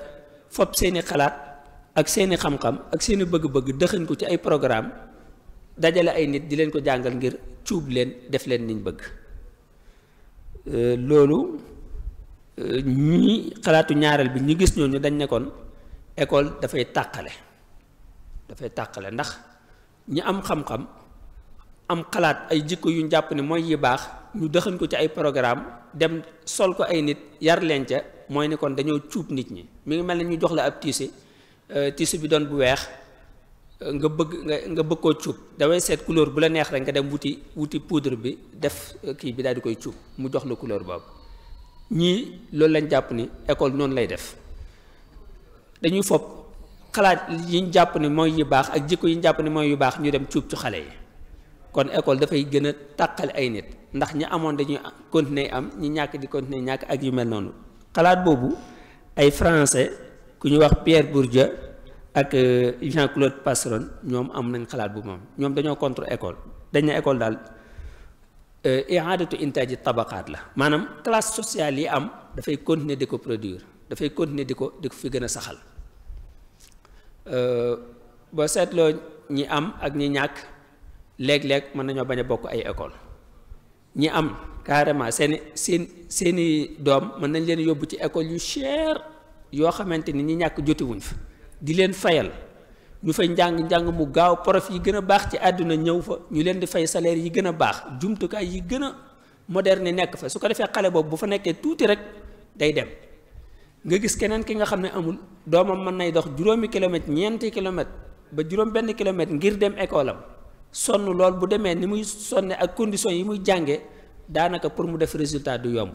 fopp seeni xalaat ak seeni xam-xam ak seeni bëgg-bëgg dëxañ ko ci ay programme dajale ay nit di leen ko jàngal ngir cuub leen def leen niñ bëgg euh, loolu euh, ñi xalaatu ñaareel bi ñu gis ñooñu dañ nekkoon kon école dafay tàqale dafay tàqale ndax ñi am xam-xam am xalaat ay jikko yu ñu jàpp ne mooy yi baax ñu dëxañ ko ci ay programme dem sol ko ay nit yar leen ca mooy nekkoon dañoo cuub nit ñi mi ngi mel na ñu jox la ab tiise euh, tiise bi doon bu weex nga bëgg nga nga bëgg koo cuub damay seet couleur bu la neex rek nga dem wuti wuti poudre bi def euh, kii bi daal di koy cuub mu jox la couleur boobu ñii loolu lañ jàpp ni école noonu lay def dañuy fob xalaat yi ñu jàpp ni mooy yu baax ak jikko yi ñu jàpp ni mooy yu baax ñu dem cuub cu xale yi kon école dafay gën a tàqale ay nit ndax ñi amoon dañuy continuer am ñi ñàkk di continuer ñàkk ak yu mel noonu xalaat boobu ay français ku ñu wax Pierre Bourdieu ak euh, Jean Claude Passeron ñoom am nañ xalaat bu moom ñoom dañoo contre école dañ ne école daal euh, i'adatu intaji tabaxaat la maanaam classe sociale yi am dafay continuer di ko produire dafay continuer di ko di ko fi gën a saxal euh, boo seetloo ñi am ak ñi ñàkk léeg-léeg mën nañoo bañ a bokk ay école ñi am carrément seeni seen seeni doom mën nañ leen yóbbu ci école yu cher yoo xamante ni ñi ñàkk jotiwuñ fa di leen fayal ñu fay njàng njàng mu gaaw prof yi gën a baax ci àdduna ñëw fa ñu leen di fay salaire yi gën a baax jumtukaay yi gën a moderne nekk fa su ko defee xale boobu bu fa nekkee tuuti rek day dem nga gis keneen ki nga xam ne amul doomam mën nay dox juróomi kilomètre ñeenti kilomètre ba juróom benn kilomètre ngir dem école am sonn lool bu demee ni muy sonne ak condition yi muy jànge daanaka pour mu def résultat du yomb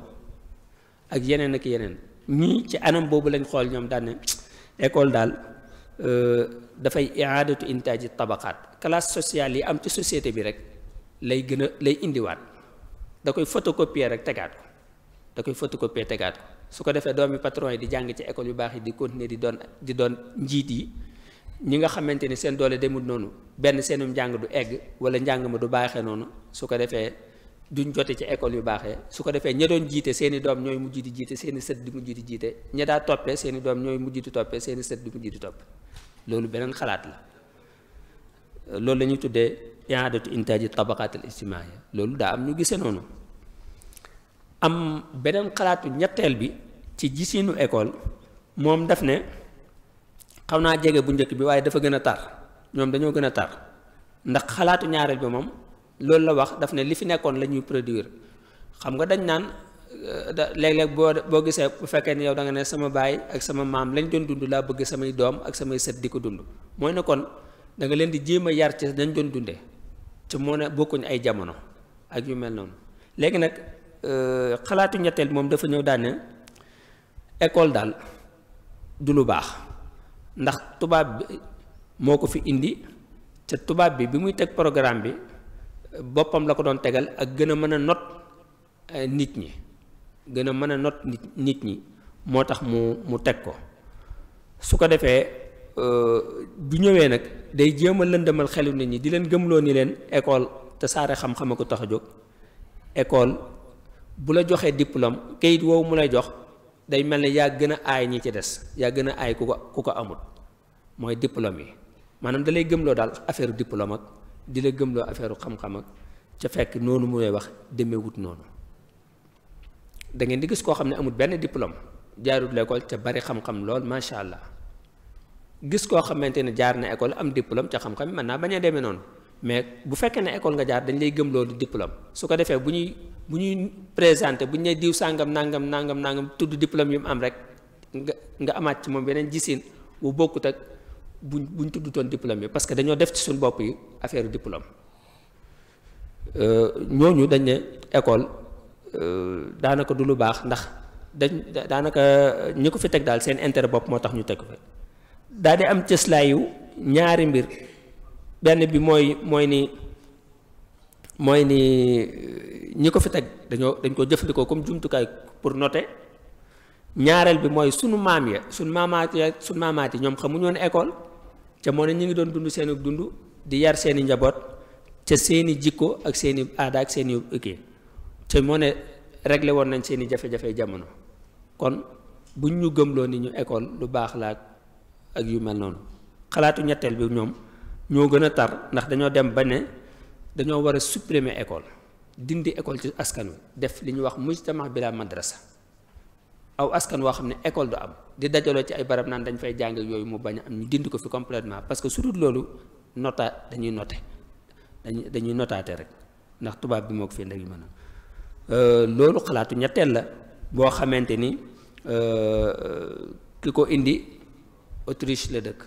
ak yeneen ak yeneen ñii ci anam boobu lañ xool ñoom daan école daal euh, dafay iaadatu intaaji tabaxaat classe sociale yi am ci société bi rek lay gën a lay indiwaat da koy photocopier rek tegaat ko da koy photocopier tegaat ko su ko defee doomi patron yi di jàng ci école yu baax yi di continuer di doon di doon njiit yi ñi nga xamante ni seen doole demul noonu benn seenum njàng du egg wala njàng ma du baaxee noonu su ko defee duñ jote ci école yu baaxee su ko defee ña doon jiite seen doom ñooy mujj di jiite seen set sët di mujj di jiite ña daa toppee seen i doom ñooy mujj di toppee seen i sët di mujj di topp loolu beneen xalaat la loolu la ñuy tuddee iadatu intaaji tabaqaat al ijtimaaya loolu daa am ñu gise noonu am beneen xalaatu ñetteel bi ci gisinu école moom def ne xaw naa jege bu njëkk bi waaye dafa gën a tar ñoom dañoo gën a tar ndax xalaatu ñaareel bi moom loolu la wax daf ne li fi nekkoon la ñuy produire xam nga dañ naan euh, léeg-léeg boo boo gisee bu fekkee ne yow da nga ne sama baay ak sama maam lañ doon dund laa bëgg samay doom ak samay set di ko dund mooy ne kon da leen di jéem a yar ci dañ doon dunde ci moo ne bokkuñ ay jamono ak yu mel noonu léegi nag euh, xalaatu ñetteel moom dafa ñëw daane école daal du lu baax ndax tubaab bi moo ko fi indi ca tubaab bi bi muy teg programme bi boppam la ko doon tegal ak gën a mën a not eh, nit ñi gën a mën a not nit nit ñi moo tax mu mu teg ko su ko defee du euh, ñëwee nag day jéem a lëndëmal xelu nit ñi di leen gëmloo ni leen école te saare xam-xam a ko tax a jóg école bu la joxee diplôme kayit woowu mu lay jox day mel ne yaa gën a aay ñi ci des yaa gën a aay ku ko ku ko amul mooy diplôme yi maanaam da lay gëmloo daal affaire diplôme ak di la gëm gëmloo affaire xam-xam ak ca fekk noonu mu wax wax wut noonu da ngeen di gis koo xam ne amul benn diplôme jaarut l'école ca bari xam-xam lool macha allah gis koo xamante ne jaar na école am diplôme ca xam-xam mën naa bañ a demee noonu mais bu fekkee ne école nga jaar dañ lay gëm loolu diplôme su ko defee bu ñuy bu ñuy présenté bu ñu ne diw sàngam nangam nangam nangam tudd diplôme yu mu am rek nga nga amaat ci moom beneen jisin bu bokkut buñ buñ tuddutoon diplôme bi parce que dañoo def ci suñu bopp yi affaire diplôme euh, ñooñu dañ ne école euh, daanaka du lu baax ndax dañ daanaka ñi ko fi teg daal seen intérêt bopp moo tax ñu teg ko fi daal di am cëslaayu ñaari mbir benn bi mooy mooy ni mooy ni euh, ñi ko fi teg dañoo dañ ko jëfandikoo comme jumtukaay pour noter ñaareel bi mooy sunu maam ya sunu maamaat ya sunu maamaat yi ñoom xamuñu woon école. ca moo ne ñu ngi doon dund seeni dund di yar seeni njaboot ca seeni jikko ak seeni aada ak seeni kii ca moo ne réglé woon nañ seeni jafe-jafe jamono kon buñ ñu gëmloo ni ñu école lu baax la ak yu mel noonu xalaatu ñetteel bi ñoom ñoo gën a tar ndax dañoo dem ba ne dañoo war a supprimer école dindi école ci askan wi def li ñuy wax mujtama bila madrasa aw askan woo xam ne école du am di dajaloo ci ay barab naan dañ fay jàng yooyu mu bañ a am ñu dindi ko fi complètement parce que su dul loolu nota dañuy note dañuy dañuy notaate rek ndax tubaab bi moo ko fi ndeg yu mën a euh, loolu xalaatu ñetteel la boo xamante ni euh, ki ko indi Autriche la dëkk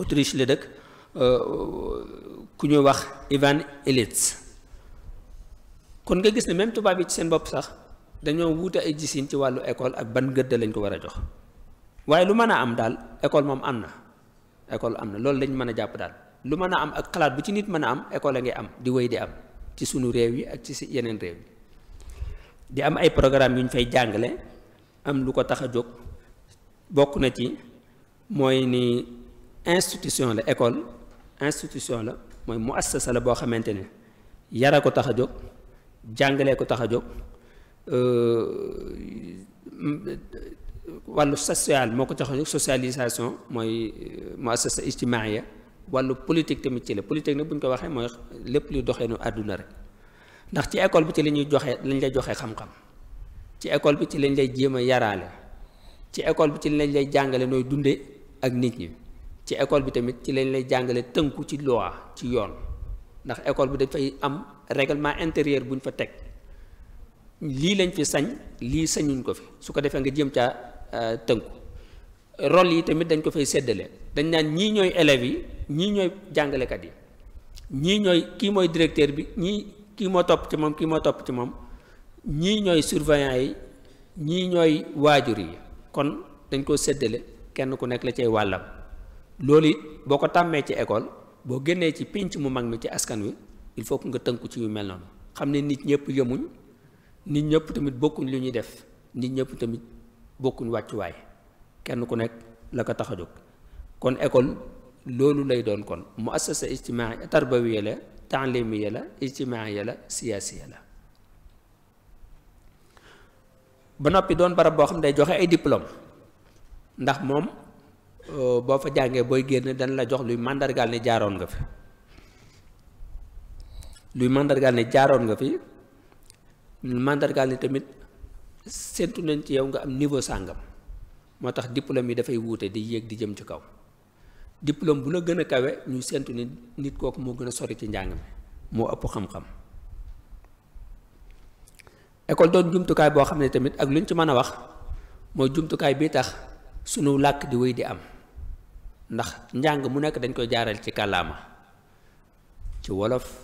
Autriche la dëkk euh, ku ñu wax Ivan Illich kon nga gis ne même tubaab yi ci seen bopp sax dañoo wuute ay gisin ci wàllu école ak ban gëdd lañ ko war a jox waaye lu mën a am daal école moom am na école am na loolu lañ mën a jàpp daal lu mën a am ak xalaat bu ci nit mën a am école a ngi am di wéy di am ci sunu réew yi ak ci yeneen réew yi di am ay programme yu ñu fay jàngale am lu ko tax a jóg bokk na ci mooy ni institution la école institution la mooy muassasa la boo xamante ne yara ko tax a jóg jàngale ko tax a jóg Euh, wàllu social moo ko tax socialisation mooy euh, muassasa ijtimaaya wàllu politique tamit ci la politique nag bu ñu ko waxee mooy lépp luy doxee nu àdduna rek ndax ci école bi ci la ñuy joxe lañ lay joxe xam-xam ci école bi ci lañ lay jéem a yaraale ci école bi ci lañ lay jàngale nooy dunde ak nit ñi ci école bi tamit ci lañ lay jàngale tënku ci loi ci yoon ndax école bi dafay am règlement intérieur bu ñu fa teg lii lañ fi sañ lii sañuñ ko fi su ko defee nga jëm caa euh, tënku rôle yi tamit dañ ko fay séddale dañ naan ñii ñooy élèves yi ñii ñooy jàngalekat yi ñii ñooy kii mooy directeur bi ñii kii moo topp ci moom kii moo topp ci moom ñii ñooy surveillant yi ñii ñooy waajur yi kon dañ ko séddale kenn ku nekk la cay wàllam loolu it boo ko tàmmee ci école boo génnee ci pinc mu mag mi ci askan wi il faut que nga tënku ci yu mel noonu xam ne nit ñëpp yemuñ nit ñëpp tamit bokkuñ lu ñuy def nit ñëpp tamit bokkuñ wàccuwaay kenn ku nekk la ko tax a jóg kon école loolu lay doon kon mu muassasa ijtimaai tarbawiya la taalimiya la ijtimaaiya la siyaasiya la ba noppi doon barab boo xam ne day joxe ay diplôme ndax moom euh, boo fa jàngee booy génn dañ la jox luy màndargaal ne jaaroon nga fi luy màndargaal ne jaaroon nga fi mandargaal ni tamit séntu nañ ci yow nga am niveau sàngam moo tax diplôme yi dafay wuute di yéeg di jëm ci kaw diplôme bu la gën a kawe ñu séentu ni nit kooku moo gën a sori ci njàng mi moo ëpp xam-xam école doon jumtukaay boo xam ne tamit ak lu ñu ci mën a wax mooy jumtukaay bi tax sunu làkk di wéy di am ndax njàng mu nekk dañ koy jaaral ci kàllaama ci wolof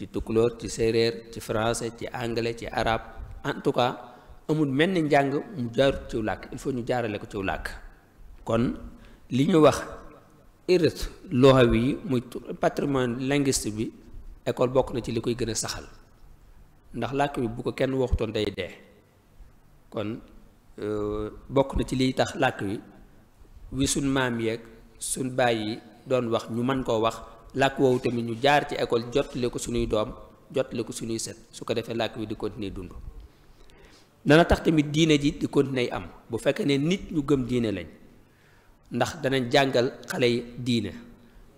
ci tukulóor ci séeréer ci français ci anglais ci arabe en tout cas amul mel ni njàng mu jaarut ciw làkk il faut ñu jaarale ko ciw làkk kon li ñu wax irit loxawi yi muy patrimoine linguistique bi école bokk na ci li koy gën a saxal ndax làkk bi bu ko kenn waxutoon day dee kon euh, bokk na ci liy tax làkk wi wi suñ maam yeeg suñ baay yi doon wax ñu mën koo wax làkk woowu tamit ñu jaar ci école jotale ko suñuy doom jotale ko suñuy set su ko defee làkk wi di continuer dund
dana tax tamit
diine ji di continuer am bu fekkee ne nit ñu gëm diine lañ ndax danañ jàngal xale yi diine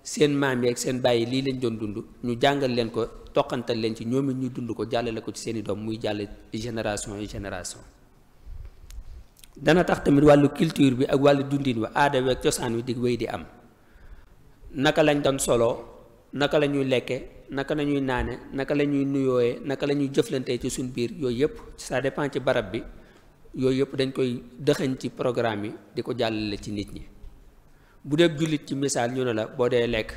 seen maam yi ak seen bàyyi lii leen doon dund ñu jàngal leen ko toqantal leen ci ñoom it ñu dund ko jàllale ko ci seeni doom muy jàll génération yi génération dana tax tamit wàllu culture bi ak wàllu dundiin wa aada wi ak cosaan wi di di am naka lañ doon soloo naka la ñuy lekke naka lañuy naane naka la ñuy nuyooyee naka la ñuy jëflantee ci suñ biir yooyu yëpp ça dépend ci barab bi yooyu yëpp dañ koy dëxañ ci programme yi di ko jàllale ci nit ñi bu dee jullit ci misaal ñu la boo dee lekk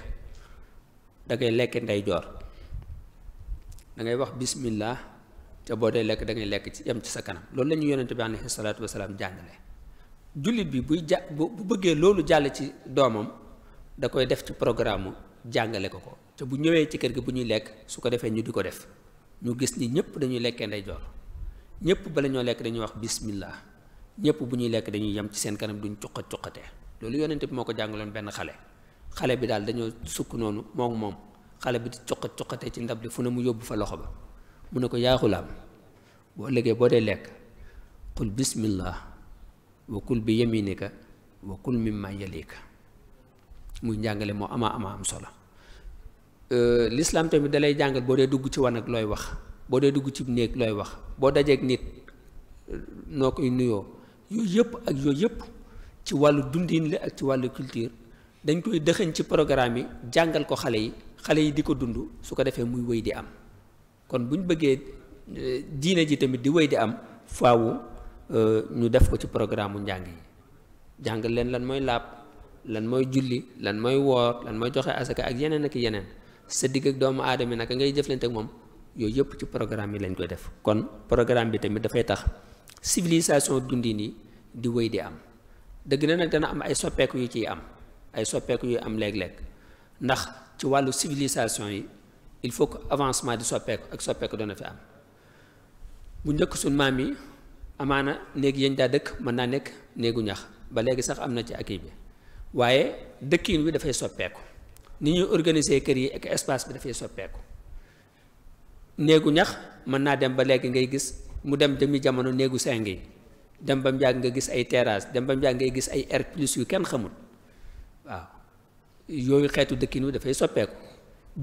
da lekke ndeyjoor dangay wax bismillah te boo dee lekk da ngay lekk ci yem ci sa kanam loolu la ñu yonent bi alayhi salaatu wasalaam jàngale jullit bi buy ja bu bëggee loolu jàll ci doomam da koy def ci programme jàngale ko ko te bu ñëwee ci kër gi bu ñuy lekk su ko defee ñu di ko def ñu gis nii ñëpp dañuy lekkee ndeyjoor ñëpp bala ñoo lekk dañuy wax bismillah ñëpp bu ñuy lekk dañuy yem ci seen kanam duñ cuqat cuqate loolu yonente bi moo ko jàngaloon benn xale xale bi daal dañoo sukk noonu moom moom xale bi di cuqat cuqate ci ndab li fu ne mu yóbbu fa loxo ba mu ne ko yaa xulaam boo léegi boo dee lekk qul bismillah wa kul bi yaminika wa kul mimma yalika muy njàngale moo ama ama am solo euh, lislaam tamit dalay jàngal boo dee dugg ci wan ak looy wax boo dee dugg ci néeg looy wax boo dajeeg nit euh, noo koy nuyoo yooyu yëpp ak yooyu yëpp ci wàllu dundin la ak ci wàllu culture dañ koy dëxëñ ci programme yi jàngal ko xale yi xale yi di ko dund su ko defee muy wéy di am kon bu ñu bëggee euh, diine ji tamit di wéy di am fawu ñu def ko ci programme mu njàng yi jàngal leen lan mooy laab lan mooy julli lan mooy woor lan mooy joxe asaka ak yeneen ak yeneen sa digg ak doomu aadama nag naka ngay jëflante ak moom yooyu yëpp ci programme yi lañ koy def kon programme bi tamit dafay tax civilisation dundin yi di wéy di am dëgg na nag dana am ay soppeeku yu ciy am ay soppeeku yu am léeg lekk ndax ci wàllu civilisation yi il faut que avancement di soppeeku ak soppeeku doona fi am bu njëkk suñ maam yi amaana néeg yañ daa dëkk mën naa nekk néegu ñax ba léegi sax am na ci akii waaye dëkkin wi dafay soppeeku ni ñuy organiser kër yi ak espace bi dafay soppeeku néegu ñax mën naa dem ba léegi ngay gis mu dem demi jamono néegu seng yi dem ba mu yàgg nga gis ay terrasse dem ba mu yàgg ngay gis ay air plus yu kenn xamul waaw yooyu xeetu dëkkin wi dafay soppeeku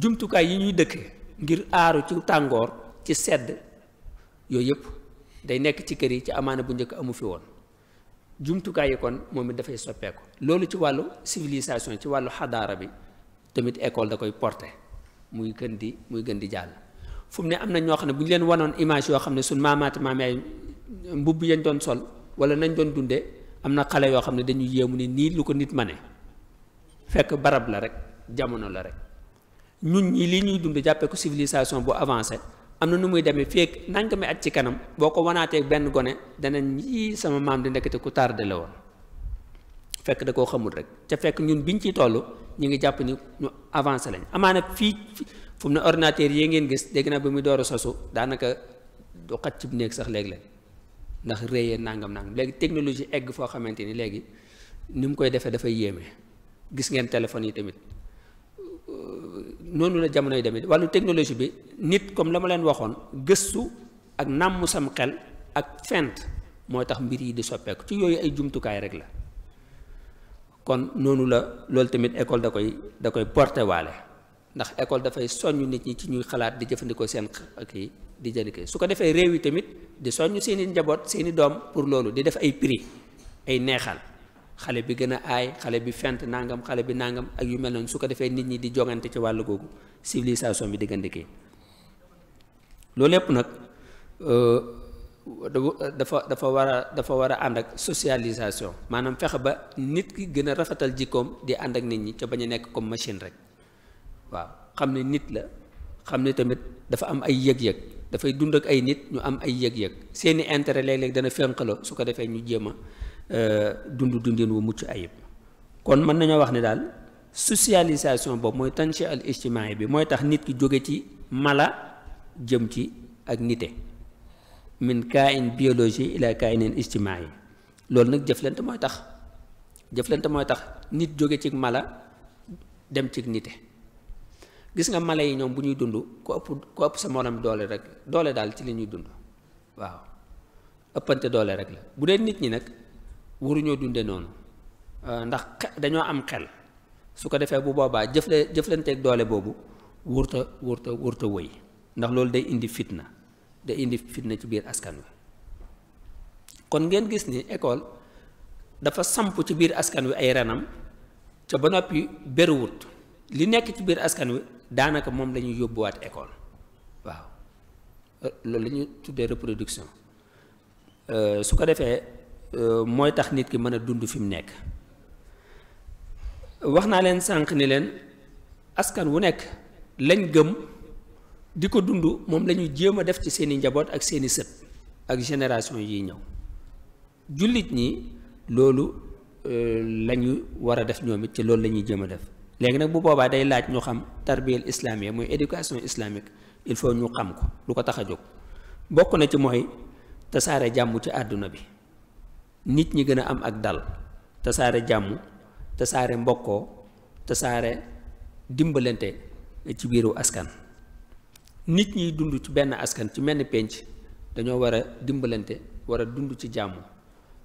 jumtukaay yi ñuy dëkk ngir aaru ci tàngoor ci sedd yooyu yëpp day nekk ci kër yi ci amaana bu njëkk amu fi woon jumtukaay yi kon moom it dafay soppeeku loolu ci wàllu civilisation ci wàllu xadaara bi tamit école da koy porté muy gën di muy gën di jàll fu mu ne am na ñoo xam ne bu ñu leen wanoon image yoo xam ne suñ maamaati maam yaay mbubb yañ doon sol wala nañ doon dundee am na xale yoo xam ne dañuy yéemu ni nii lu ko nit ma ne fekk barab la rek jamono la rek ñun ñi li ñuy dund jàppee ko civilisation bu avancé am na nu muy demee fii ak nangami at ci kanam boo ko wanaatee benn gone danañ yii sama maam di ndekete ku tardé la woon fekk da koo xamul rek ca fekk ñun biñ ci toll ñu ngi jàpp ni ñu avancé lañ amaana fii fu ne ordinateur yee ngeen gis dégg naa ba muy door a sosu daanaka du xaj ci néeg sax léeg-léeg ndax réyee nangam nangam léegi technologie egg foo xamante ni léegi ni mu koy defee dafay yéeme gis ngeen téléphone yi tamit noonu la jamonoy demee wàllu technologie bi nit comme la ma leen waxoon gëstu ak nàmm sam xel ak fent moo tax mbir yi di soppeeku ci yooyu ay jumtukaay rek la kon noonu la loolu tamit école da koy da koy porté waale ndax école dafay soññ nit ñi ci ñuy xalaat di jëfandikoo seen kii di jëndikee su ko defee réew yi tamit di soññ seeni njaboot seeni doom pour loolu di def ay prix ay neexal xale bi gën a aay xale bi fent nangam xale bi nangam ak yu mel noonu su ko defee nit ñi di jongante ci wàll googu civilisation bi diggandikee loolu lépp nag euh, dafa dafa war a dafa war a ànd ak socialisation maanaam fexe ba nit ki gën a rafetal jikkoom di ànd ak nit ñi ca bañ a nekk comme machine rek waaw xam ne nit la xam ne tamit dafa am ay yëg-yëg dafay dund ak ay nit ñu am ay yëg-yëg seeni intérêt léeg-léeg dana fénqaloo su ko defee ñu jéem a Euh, dund dundin wu mucc ayib kon mën nañoo wax ne daal socialisation boobu mooy tanchi al ijtimaai bi mooy tax nit ki jóge ci mala jëm ci ak nite min kaain biologie ila kaainin ijtimaai loolu nag jëflante mooy tax jëflante mooy tax nit jóge ci mala dem ci nite gis nga mala yi ñoom bu ñuy dund ku ëpp ku ëpp sa morom doole rek doole daal ci li ñuy dund waaw ëppante doole rek la bu dee nit ñi nag waruñoo dunde noonu euh, ndax dañoo am xel su ko defee bu boobaa jëfle jëflanteeg doole boobu wurta wurta wurta wëy ndax loolu day indi fitna day indi fitna ci biir askan wi kon ngeen gis ni école dafa samp ci biir askan wi ay renam ca ba noppi bëriwut li nekk ci biir askan wi daanaka moom la yóbbuwaat école waaw euh, loolu la tuddee reproduction euh, su ko defee Euh, mooy tax nit ki mën a dund fi mu nekk wax naa leen sànq ni leen askan wu nekk lañ gëm di ko dund moom lañuy ñuy jéem a def ci seeni njaboot ak seeni sët ak génération yi ñëw jullit ñi loolu euh, la ñu war a def ñoomit ci loolu la ñuy jéem a def léegi nag bu boobaa dey laaj ñu xam tarbiyal islamiya mooy éducation islamique il faut ñu xam ko lu ko tax a jóg bokk na ci mooy tasaare jàmm ci àdduna bi nit ñi gën a am ak dal tasaare jàmm tasaare mbokkoo tasaare dimbalante ci biiru askan nit ñiy dund ci benn askan ci menn pénc dañoo war a dimbalante war a dund ci jàmm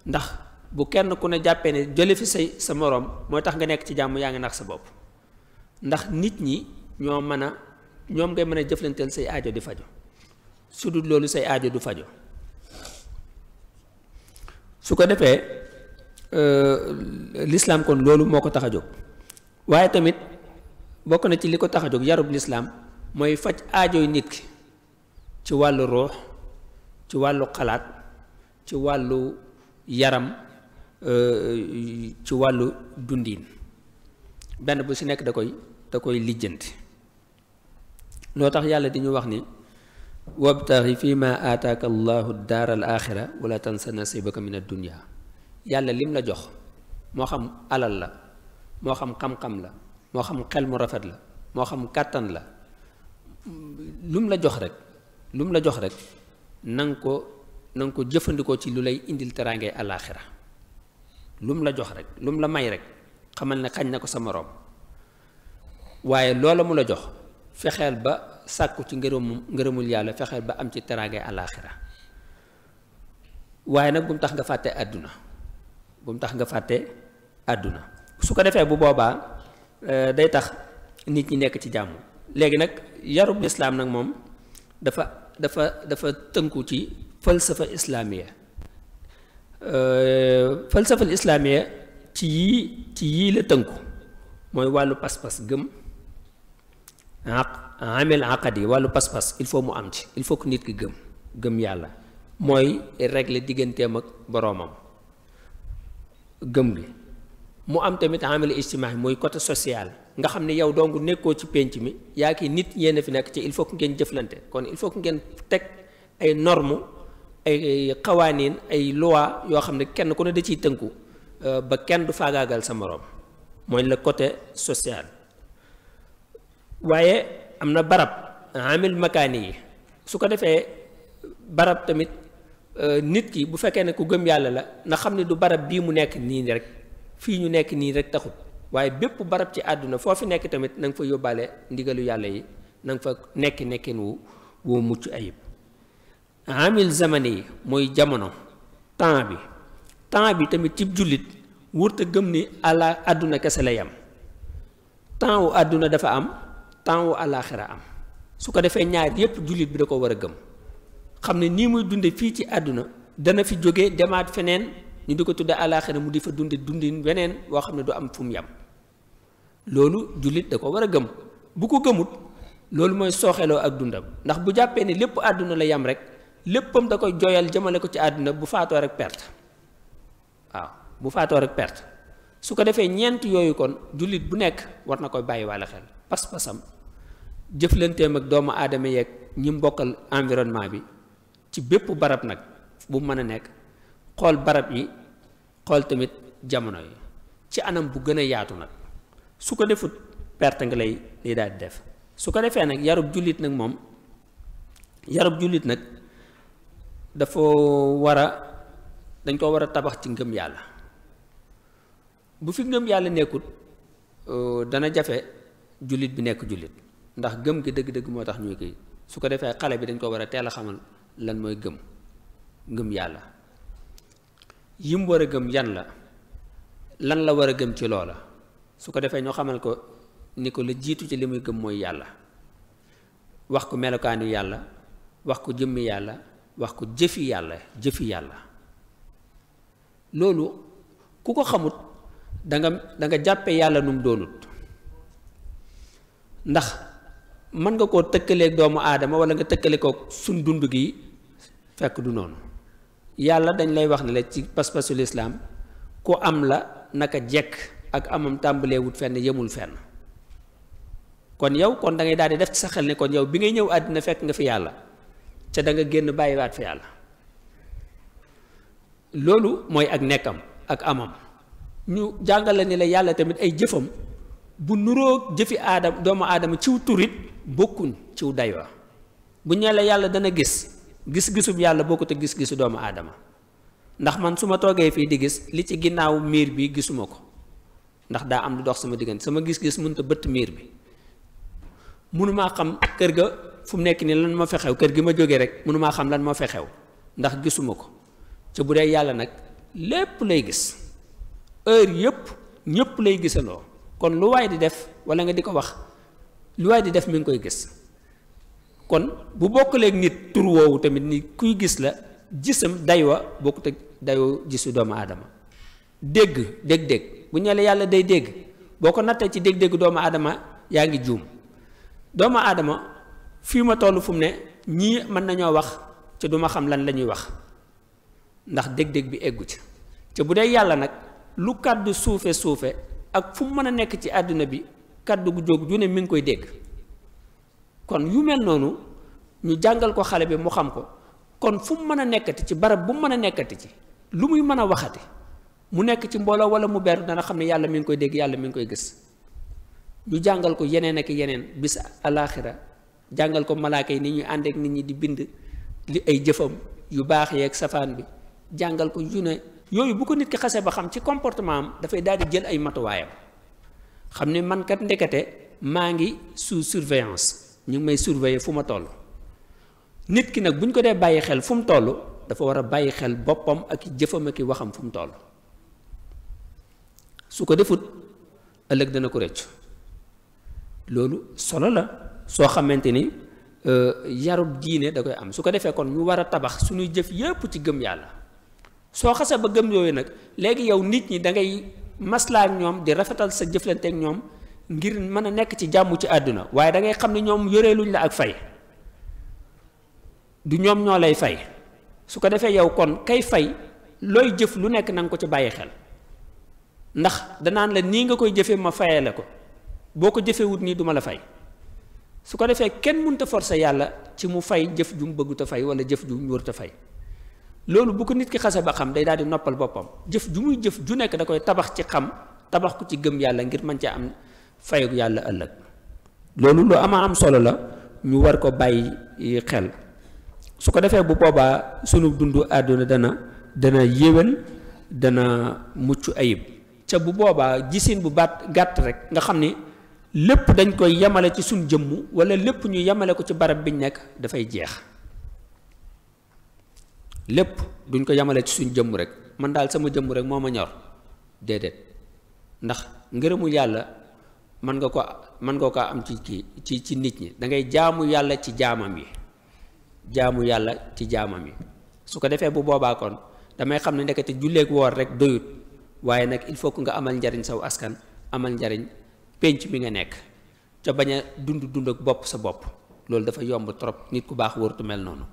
ndax bu kenn ku ne jàppee ne jële fi say sa morom mooy tax nga nekk ci jàmm yaa ngi nax sa bopp ndax nit ñi ñoo mën a ñoom ngay mën a jëflanteel say ajo di fajo su dul loolu say aajo du fajo su ko defee euh, lislaam kon loolu moo ko tax a jóg waaye tamit bokk na ci li ko tax a jóg yarub lislaam mooy faj aajoy nit ki ci wàllu ruux ci wàllu xalaat ci wàllu yaram euh, ci wàllu dundiin benn bu si nekk da koy da koy lijjanti loo tax yàlla di ñu wax ni wabtaxi fi ma aataaka allahu daar al axira wala tansa nasibaka min addunia yàlla lim la jox moo xam alal la moo xam xam-xam la moo xam xel mu rafet la moo xam kàttan la lum la jox rek lum la jox rek nanga ko nanga ko jëfandikoo ci lu lay indil teraangay alaaxira lum la jox rek lum la may rek xamal ne xañ na ko sa moroom waaye loola mu la jox fexeel ba sàkku ci ngërëmu ngërëmul yàlla fexeel ba am ci teraangay alaaxira waaye nag bu mu tax nga fàtte àdduna bu mu tax nga fàtte àdduna su ko defee bu boobaa euh, day tax nit ñi nekk ci jàmm léegi nag yarub lislaam nag moom dafa dafa dafa tënku ci falsafa islaamiya euh, falsafal islaamiya ci yii ci yii la tënku mooy wàllu pas-pas gëm amel aqad yi wàllu pas-pas il faut mu am ci il faut que nit ki gëm gëm yàlla mooy régler digganteem ak boroomam gëm bi mu am tamit amel ijtimaa mooy côté sociale nga xam ne yow donc nekkoo ci pénc mi yaa ki nit yéen fi nekk ci il faut que ngeen jëflante kon il faut que ngeen teg ay norme ay xawaaniin ay lois yoo xam ne kenn ku ne da ciy tënku euh, ba kenn du faagaagal sa moroom mooy la côté social waaye am na barab amil makaani yi su ko defee barab tamit euh, nit ki bu fekkee ne ku gëm yàlla la na xam ne du barab bii mu nekk nii rek fii ñu nekk nii rek taxut waaye bépp barab ci àdduna foo fi nekk tamit na nga fa yóbbaale ndigalu yàlla yi na nga fa nekki nekkin wu woo mucc ayib amil zamani yi mooy jamono temps bi temps bi tamit cib jullit wurta gëm ni àlla àdduna kese la yam temps wu àdduna dafa am temps wu àllaaxira am su ko defee ñaar yépp jullit bi da war a gëm xam ne nii muy dunde fii ci àdduna dana fi jóge demaat feneen ñu di ko tudde àllaaxira mu di fa dunde dundin weneen woo xam ne du am fu mu yam loolu jullit da ko war a gëm bu ko gëmut loolu mooy sooxeloo ak dundam ndax bu jàppee ne lépp àdduna la yam rek léppam da koy jooyal jëmale ko ci àdduna bu faatoo rek perte waaw bu faatoo rek perte su ko defee ñeent yooyu kon jullit bu nekk war na koy bàyyi wàll xel pas-pasam jëflanteem ak doomu aadama yeeg ñi mbokkal environnement bi ci bépp barab nag bu mën a nekk xool barab yi xool tamit jamono yi ci anam bu gën a yaatu nag su ko defut perte nga lay lay daal def su ko defee nag yarub jullit nag moom yarub jullit nag dafa war a dañ koo war a tabax ci ngëm yàlla bu fi ngëm yàlla nekkut euh, dana jafe jullit bi nekk jullit ndax gëm gi dëgg-dëgg moo tax ñuy kii su ko defee xale bi dañ ko war a teel a xamal lan mooy gëm ngëm yàlla yim war a gëm yan la lan la war a gëm ci loola su ko defee ñoo xamal ko ni ko la jiitu ci li muy gëm mooy yàlla wax ko melokaanu yàlla wax ko jëmm yàlla wax ko jëfi yàlla jëfi yàlla loolu ku ko xamut da danga da jàppe yàlla nu mu doonut ndax mën nga koo tëkkaleek doomu aadama wala nga tëkkale ko suñ dund gi fekk du noonu yàlla dañ lay wax ne la ci pas-pasu lislaam ku am la naka jekk ak amam tàmbalee wut fenn yemul fenn kon yow kon da ngay daal di def ci sa xel ne kon yow bi ngay ñëw àddina fekk nga fi yàlla ca da nga génn raat fi yàlla loolu mooy ak nekkam ak amam ñu jàngale ni la yàlla tamit ay jëfam bu nuroog jëfi aadama doomu aadama ciw turit bokkuñ ciw wa bu ñee yàlla dana gis gis-gisub yàlla bokkut ak gis-gisu doomu aadama ndax man su ma toogee fii di gis li ci ginnaaw miir bi gisuma ko ndax daa am lu dox sama diggante sama gis-gis mënut a bëtt miir bi mënumaa xam kër ga fu mu nekk nii lan ma fexew kër gi ma jógee rek maa xam lan ma fexew ndax gisuma ko ca bu dee yàlla nag lépp lay gis heure yëpp ñëpp lay gisandoo kon lu waay di def wala nga di ko wax lu waay di def mi ngi koy gis kon bu bokkaleeg nit tur woowu tamit ni kuy gis la gisam daywa bokkut ak dayoo gisu doomu aadama dégg dégg-dégg bu ñele yàlla day dégg boo ko nattee ci dégg-dégg doomu aadama yaa ngi juum doomu aadama fi ma toll fu mu ne ñii mën nañoo wax te duma xam lan la ñuy wax ndax dégg-dégg bi eggu ci te bu dee yàlla nag lu kàddu suufe suufe ak fu mu mën a nekk ci àdduna bi kàddu jóg ju ne mi ngi koy dégg kon yu mel noonu ñu jàngal ko xale bi mu xam ko kon fu mu mën a nekkati ci barab bu mu mën a nekkati ci lu muy mën a waxati mu nekk ci mbooloo wala mu beru dana xam ne yàlla mi ngi koy dégg yàlla mu ngi koy gis ñu jàngal ko yeneen ak yeneen bis alaaxira jàngal ko malaaka yi ni ñuy ànd ak nit ñi di bind li ay jëfam yu baax yeeg safaan bi jàngal ko yu ne yooyu bu ko nit ki xase ba xam ci comportement am dafay daal di jël ay matuwaayam xam ne man kat ndekete maa ngi sous surveillance ñu ngi may surveiller fu ma toll nit ki nag bu ñu ko dee bàyyi xel fu mu toll dafa war a bàyyi xel boppam ak jëfam ak waxam fu mu toll su ko defut ëllëg dana ko rëcc loolu solo la soo xamante ni euh, yarub diine da koy am su ko defee kon ñu war a tabax suñuy jëf yépp ci gëm yàlla soo xasee ba gëm yooyu nag léegi yow nit ñi da ngay maslaa ñoom di rafetal sa jëflante ak ñoom ngir mën a nekk ci jàmm ci àdduna waaye da ngay xam ne ñoom yoreeluñ la ak fay du ñoom ñoo lay fay su ko defee yow kon kay fay looy jëf lu nekk na ko ci bàyyi xel ndax danaan la nii nga koy jëfee ma fayee la ko boo ko jëfee nii duma la fay su ko defee kenn mënta forcer yàlla ci mu fay jëf jum bëgguta bëggut a fay wala jëf ju mu wërta fay. loolu bu ko nit ki xase ba xam day daal di noppal boppam jëf ju muy jëf ju nekk da koy tabax ci xam tabax ku ci gëm yàlla ngir mën cee am fayug yàlla ëllëg loolu lu ama am solo la ñu war ko bàyyi e, xel su ko defee bu boobaa sunu dundu àdduna dana dana yéwén dana mucc ayib ca bu boobaa gisin bu baat gàtt rek nga xam ni lépp dañ koy yemale ci suñ jëmm wala lépp ñu yemale ko ci barab biñ nekk dafay jeex lépp duñ ko yamale ci suñ jëmm rek man daal sama jëmm rek moo ma ñor déedéet ndax ngërëmul yàlla mën nga ko mën nga ko am ci kii ci ci nit ñi da ngay jaamu yàlla ci jaamam yi jaamu yàlla ci jaamam yi su ko defee bu boobaa kon damay xam ne ndekete julleek woor rek doyut waaye nag il faut que nga amal njariñ saw askan amal njariñ pénc mi nga nekk ca bañ a dund dund ak bopp sa bopp loolu dafa yomb trop nit ku baax wërtu mel noonu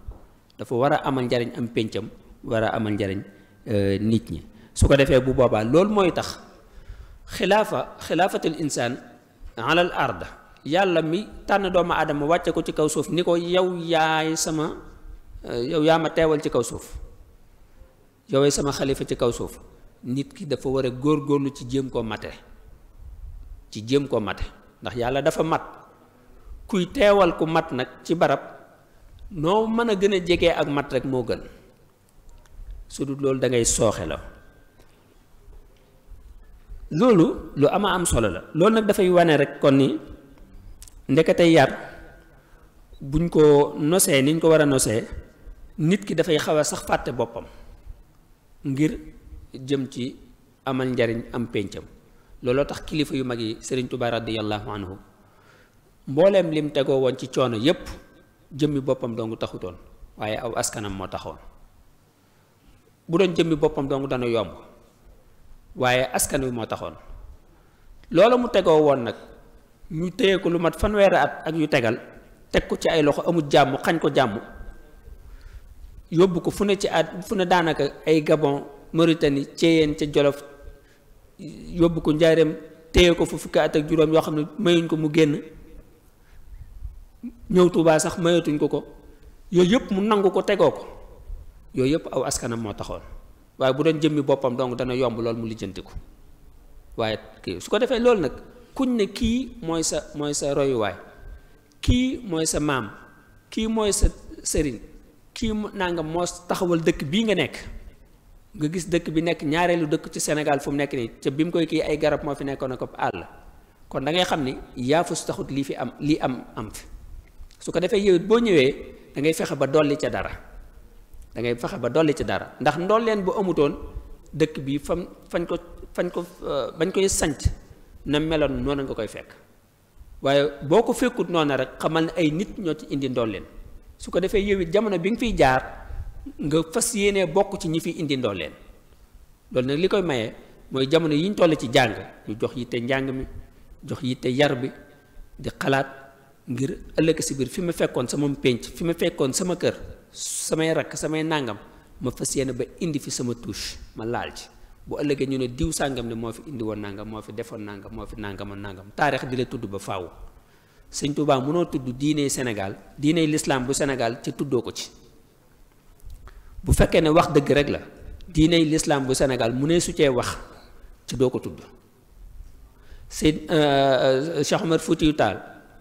dafa war a amal njariñ am péncam war a amal njariñ euh, nit ñi su ko defee bu boobaa loolu mooy tax xilaafa xilaafatul insaan alal arda yàlla mi tànn doomu aadama wàcce ko ci kaw suuf ni ko yow yaay sama euh, yow yaa ma teewal ci kaw suuf yowee sama xalifa ci kaw suuf nit ki dafa war a góorlu ci jéem koo mate ci jéem koo mate ndax yàlla dafa mat kuy teewal ku mat nag ci barab noo mën a gën a jege ak mat rek moo gën su dul loolu dangay sooxe la loolu lu am a am solo la loolu nag dafay wane rek kon nii ndekete yar buñ ko nosee niñ ko war a nosee nit ki dafay xaw a sax fàtte boppam ngir jëm ci amal njariñ am péncam looloo tax kilifa yu mag yi Sëriñ Tuubaa radiyallahu anhu mbooleem lim tegoo woon ci coono yépp jëmmi boppam dong taxutoon waaye aw askanam moo taxoon bu doon jëmmi boppam dong dana yomb waaye askan wi moo taxoon loola mu tegoo woon nag ñu téye ko lu mat fanweeri at ak yu tegal teg ko ci ay loxo amul jàmm xañ ko jàmm yóbbu ko fu ne ci at fu ne daanaka ay Gabon Mauritanie Thiéyène ca Jolof yóbbu ko njaareem téye ko fu fukki at ak juróom yoo xam ne mayuñ ko mu génn ñëw Touba sax mayatuñ ko ko yooyu yëpp mu nangu ko tegoo ko yooyu yëpp aw askanam moo taxoon waaye bu doon jëmmi boppam donc dana yomb lool mu lijjanti ko waaye kii su ko defee loolu nag kuñ ne kii mooy sa mooy sa royuwaay kii mooy sa maam kii mooy sa sëriñ kii nangam moo taxawal dëkk bii nga nekk nga gis dëkk bi nekk ñaareelu dëkk ci Sénégal fu mu nekk nii te bi mu koy kii ay garab moo fi nekkoon ak àll kon da xam ni yaafus taxut lii fi am lii am am fi. su ko defee yow boo ñëwee da ngay fexe ba dolli ca dara da ngay fexe ba dolli ca dara ndax leen bu amutoon dëkk bi fam fañ ko fañ ko euh, bañ koy sanc na meloon noonu nga koy fekk waaye boo ko fekkut noonu rek xamal ne ay nit ñoo ci indi leen su ko defee yow it jamono bi nga fiy jaar nga fas yéenee bokk ci ñi fi indi leen loolu nag li koy mayee mooy jamono yi ñu toll ci jàng ñu jox yitte njàng mi jox yitte yar bi di xalaat. ngir ëllëg si biir fi ma fekkoon sama pénc fi ma fekkoon sama kër samay rakk samay nàngam ma fas yéene ba indi fi sama touche ma laal ci bu ëllëgee ñu ne diw sàngam ne moo fi indi woon nàngam moo fi defoon nàngam moo fi nàngamoon nàngam taarix di la tudd ba faaw sëñ Tuubaa noo tudd diiney senegal diiney lislaam bu senegal ci tuddoo ko ci bu fekkee ne wax dëgg rek la diiney lislaam bu senegal mu ne su cee wax ci doo ko tudd sëñ euh, euh, Cheikh Omar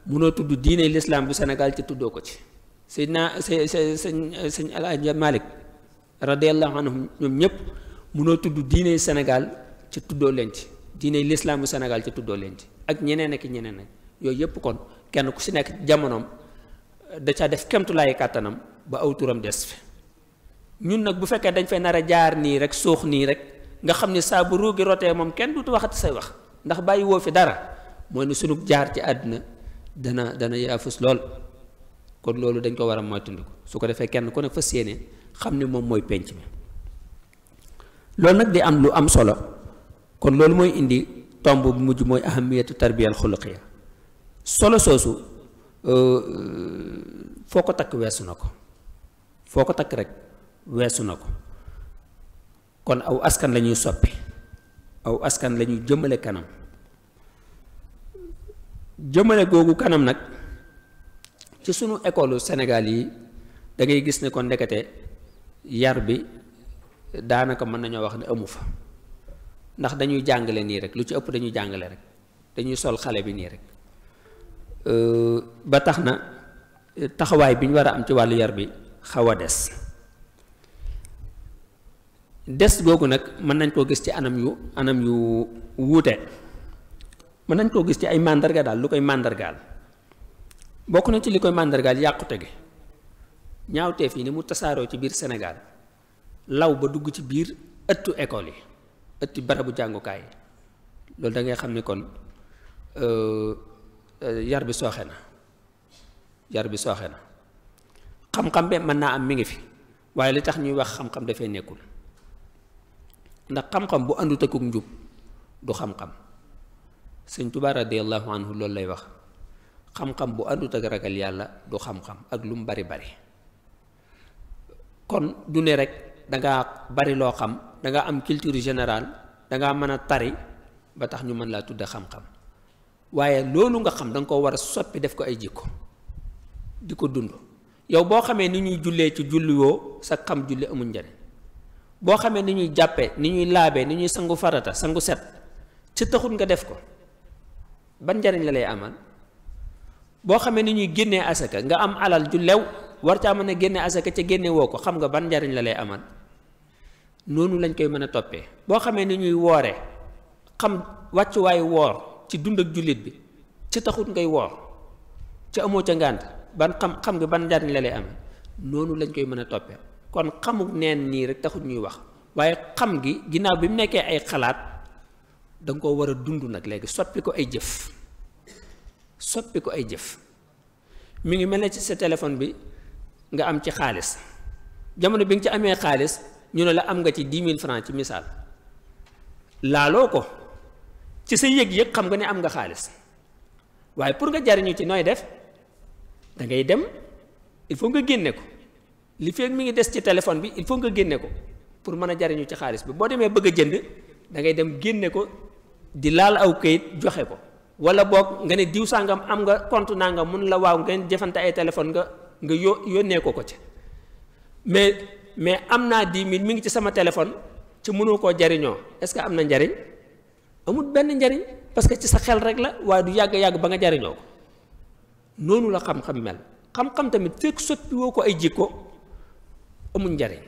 munoo tudd diine lislaam bu Sénégal ci tuddoo ko ci Seydina se se sëñ sëñ Alaaji Malik radiyallahu anhum ñoom ñëpp munoo tudd diine Sénégal ci tuddoo leen ci diine lislaam bu Sénégal ci tuddoo leen ci ak ñeneen ak ñeneen ak yooyu yëpp kon kenn ku si nekk jamonoom da ca def kemtulaayu kàttanam ba aw turam des fi ñun nag bu fekkee dañ fay nar a jaar nii rek suux nii rek nga xam ne saa bu ruugi rotee moom kenn dutu waxati say wax ndax bàyyi woo fi dara mooy ne jaar ci àdduna dana dana yaafus lool kon loolu dañ ko war a moytandiku su ko defee kenn ku ne fas yéene xam ne moom mooy penc mi loolu nag di am lu am solo kon loolu mooy indi tomb bu mujj mooy ahamiyatu tarbiyal xuluqiya solo soosu euh, euh, foo ko takk weesu na ko foo ko takk rek weesu na ko kon aw askan la ñuy soppi aw askan la ñuy jëmale kanam jëmale googu kanam nag ci sunu école Sénégal yi da ngay gis ne kon ndekete yar bi daanaka mën nañoo wax ne amu fa ndax dañuy jàngale nii rek lu ci ëpp dañuy jàngale rek dañuy sol xale bi nii rek euh, ba tax na taxawaay bi ñu war a am ci wàllu yar bi xaw a des des googu nag mën nañ koo gis ci anam yu anam yu wuute mën nañ koo gis ci ay màndarga daal lu koy màndargaal bokk na ci li koy màndargaal yàqute gi ñaawteef yi ni mu tasaaroo ci biir Sénégal law ba dugg ci biir ëttu école yi ëtti barabu jàngukaay loolu dangay ngay xam ni kon euh, euh, yar bi sooxe na yar bi sooxe na xam-xam be mën naa am mi ngi fi waaye li tax ñuy wax xam-xam dafay nekkul ndax xam-xam bu àndut ak njub du xam-xam sëñ Tuubaa radiyallahu anhu loolu lay wax xam-xam bu àndut ak ragal yàlla du xam-xam ak lu mu bari bari kon du rek dangaa bari loo xam danga am culture générale dangaa mën a tari ba tax ñu mën laa tudda xam-xam waaye loolu nga xam danga ko war a soppi def ko ay jikko di ko dund yow boo xamee ni ñuy jullee ci julliwoo sa xam julli amuñ njariñ boo xamee ni ñuy jàppee ni ñuy laabee ni ñuy sangu farata sangu set ci taxut nga def ko ban njariñ la lay amal boo xamee ni ñuy génnee asaka nga am alal ju lew war caa mën a génne asaka ca génne woo ko xam nga ban njariñ la lay amal noonu lañ koy mën a toppee boo xamee ni woore xam wàccuwaay woor ci dund ak jullit bi ca taxut ngay woor ca amoo ca ban xam nga ban njariñ la lay amal noonu lañ koy mën a toppee kon xamuk neen nii rek taxut ñuy wax waaye xam gi ginnaaw bi mu nekkee ay xalaat da nga koo war a dund nag léegi soppi ko ay jëf soppi ko ay jëf mu ngi mel ne ci sa téléphone bi nga am ci xaalis jamono bi nga ci amee xaalis ñu ne la am nga ci dix mille francs ci misaal laaloo ko ci sa yëg-yëg xam nga ne am nga xaalis waaye pour nga jariñu ci nooy def dangay dem il faut nga génne ko li fekk mi ngi des ci téléphone bi il faut nga génne ko pour mën a jariñu ci xaalis bi boo demee bëgg a jënd dangay dem génne ko di laal aw kayit joxe ko wala boog nga ne diw sàngam am nga compte naa nga mun la waaw ngeen jëfante ay téléphone nga nga yó yónnee ko ko ci mais mais am naa dix mille mi ngi ci sama téléphone ci mënoo koo jariñoo est-ce que am na njariñ amul benn njariñ parce que ci sa xel rek la waaye du yàgg-yàgg ba nga jariñoo ko noonu la xam-xam mel xam-xam tamit fekk soppi woo ko ay jikko amul njariñ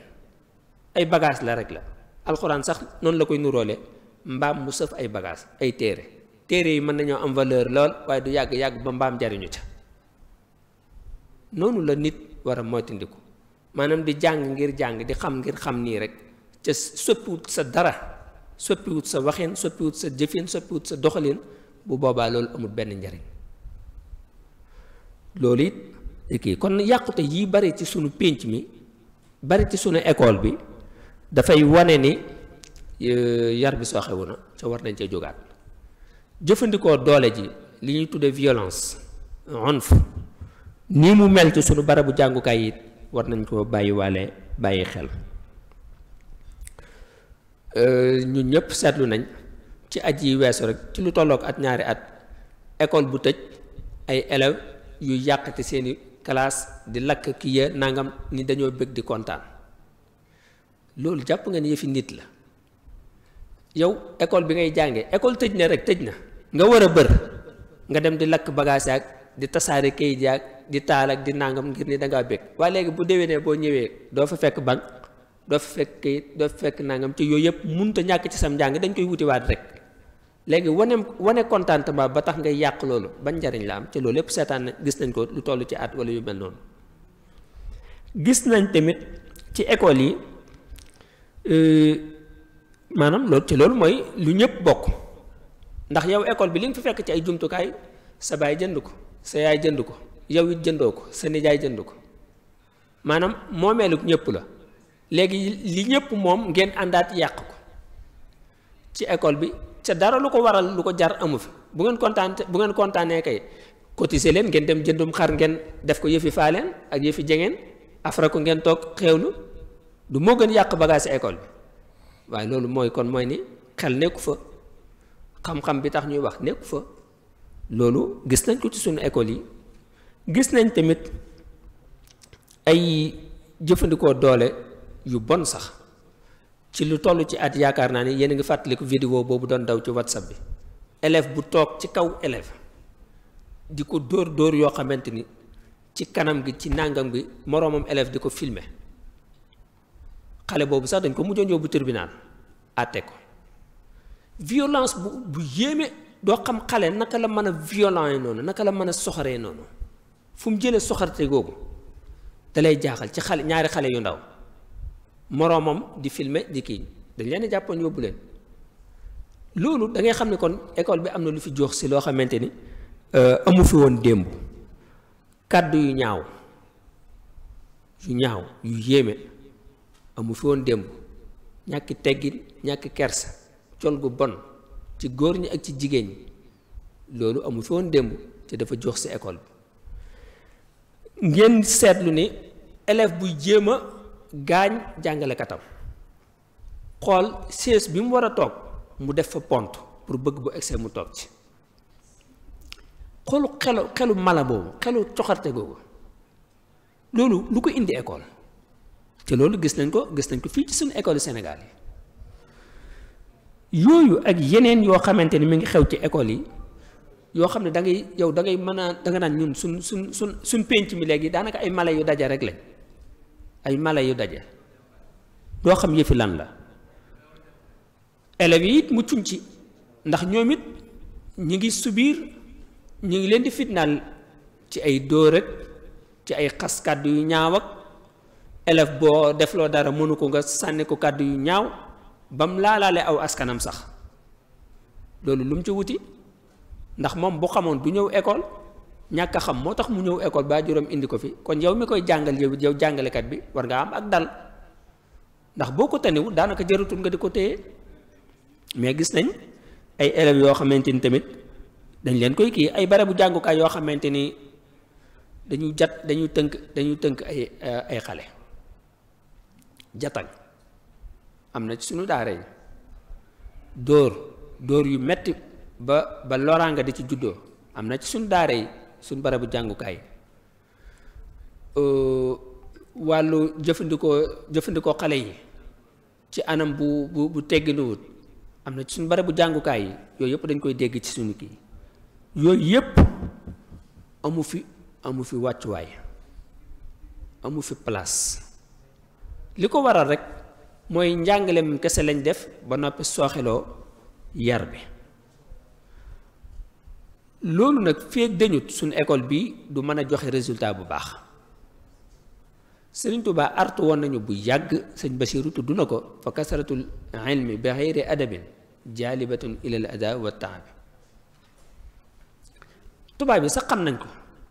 ay bagage la rek la alxuraan sax noonu la koy nuróole mbaam mu sëf ay bagage ay téere téere yi mën nañoo am valeur lool waaye du yàgg yàgg ba mbaam jariñu ca noonu la nit war a moytandiku maanaam di jàng ngir jàng di xam ngir xam nii rek ca soppiwut sa dara soppiwut sa waxin soppiwut sa jëfin soppiwut sa doxalin bu boobaa loolu amul benn njariñ loolu it kii kon yàqute yi bari ci sunu pénc mi bari ci sunu école bi dafay wane ni yar bi sooxewu na ca war nañ cee jógaat jëfandikoo doole ji li ñuy tudde violence onf ni mu mel sunu barabu jàngukaay yi war nañ koo bàyyiwaale bàyyi xel euh, ñun ñëpp seetlu nañ ci at yi weesu rek ci lu tollook at ñaari at école bu tëj ay élèves yu yàqati seeni classe di lakk kii ya nangam ni dañoo bëgg di kontaan loolu jàpp nga ni yëfi nit la yow école bi ngay jàngee école tëj na rek tëj na nga war a bër nga dem di lakk bagage ak di tasaare kayit yaag di taal ak di nangam ngir ni da ngaa bëgg waaye léegi bu déwénee boo ñëwee doo fa fekk banque doo fa fekk kayit doo fa fekk nangam ci yooyu yëpp mënut a ñàkk ci sam njàng dañ koy wutiwaat rek léegi wane wane contentement ba tax ngay yàq loolu ban njariñ la am ci loolu yëpp seetaan na gis nañ ko lu toll ci at wala yu mel noonu gis nañ tamit ci école yi. Euh, maanaam loolu ci loolu mooy lu ñëpp bokk ndax yow école bi li nga fi fekk ci ay jumtukaay sa baay jënd ko sa yaay jënd ko yow it jëndoo ko sa nijaay jënd ko maanaam moomeelu ñëpp la léegi li ñëpp moom ngeen àndaat yàq ko ci école bi ca dara lu ko waral lu ko jar amu fi bu ngeen kontaan bu ngeen kontaanee kay cotiser leen ngeen dem jëndum xar ngeen def ko yëfi faaleen ak yëfi jengeen afra ko ngeen toog xéewlu du moo gën yàq bagage école bi waaye loolu mooy kon mooy ni xel nekku fa xam-xam bi tax ñuy wax nekku fa loolu gis nañ ko ci suñu école yi gis nañ tamit ay jëfandikoo doole yu bon sax ci lu toll ci at yaakaar naa ni yéen a ngi fàttaliku vidéo boobu doon daw ci whatsapp bi élève bu toog ci kaw élève di ko dóor dóor yoo xamante ni ci kanam gi ci nàngam gi moroomam élève di ko filmer xale boobu sax dañ ko mujjoon yóbbu tribunal àtte ko violence bu bu yéeme doo xam xale naka la mën a violent noonu naka la mën a soxoree noonu fu mu jëlee soxarte googu dalay jaaxal ci xale ñaari xale yu ndaw moroomam di filme di kii dañ leen jàppoon yóbbu leen loolu da ngay xam ne kon école bi am na lu fi jox si loo xamante ni euh, amu fi woon démb kàddu yu ñaaw yu ñaaw yu yéeme. amu fi démb ñàkki teggin ñàkki kersa col gu bon ci góor ñi ak ci jigéen ñi loolu amu fi démb te dafa jox si école bi ngeen seetlu ni élève buy jéem a gaañ jàngalekatam xool siège bi mu war a toog mu def fa pont pour bëgg bu egsee mu toog ci xoolu xelu xelu mala boobu xelu coxarte googu loolu lu ko indi école ci loolu gis nañ ko gis nañ ko fii ci suñu école Sénégal yi yooyu ak yeneen yoo xamante ni mi ngi xew ci école yi yoo xam ne dangay yow dangay ngay mën a da naan ñun suñ suñ suñ suñ penc mi léegi daanaka ay mala yu daje rek lañ ay mala yu daje doo xam yëfi lan la élèves yi it muccuñ ci ndax ñoom it ñi ngi subir ñi ngi leen di fitnaal ci ay dóor rek ci ay xas kàddu yu ñaaw élève boo defloo dara mënu ko nga sànni ko kàddu yu ñaaw ba mu laalaale aw askanam sax loolu lu ci wuti ndax moom bu xamoon du ñëw école ñàkk a xam moo tax mu ñëw école baa juróom indi ko fi kon yow mi koy jàngal yow yow jàngalekat bi war nga am ak dal ndax boo ko taniwul daanaka jëratul nga di ko téye mais gis nañ ay élèves yoo xamante ni tamit dañ leen koy kii ay barabu jàngukaay yoo xamante ni dañuy jat dañuy tënk dañuy tënk ay euh, ay xale jatañ am na ci suñu daara yi dóor dóor yu metti ba ba loraanga di ci juddoo am na ci suñu daara yi suñu barabu jàngukaay wàllu jëfandikoo jëfandikoo xale yi ci anam bu bu bu tegginuwut am na ci suñu barabu jàngukaay yi yooyu yëpp dañ koy dégg ci suñu kii yooyu yëpp amu fi amu fi wàccuwaay amu fi place li ko waral rek mooy njàngaleem kese lañ def ba noppi sooxeloo yar bi loolu nag feeg dañut suñu école bi du mën a joxe résultat bu baax sëriñ Tuubaa artu woon nañu bu yàgg sëñ Basiiru tudd na ko fa kasaratul ilmi bi xayri adabin jaalibatun ilal wa taabi tubaab bi sax xam nañ ko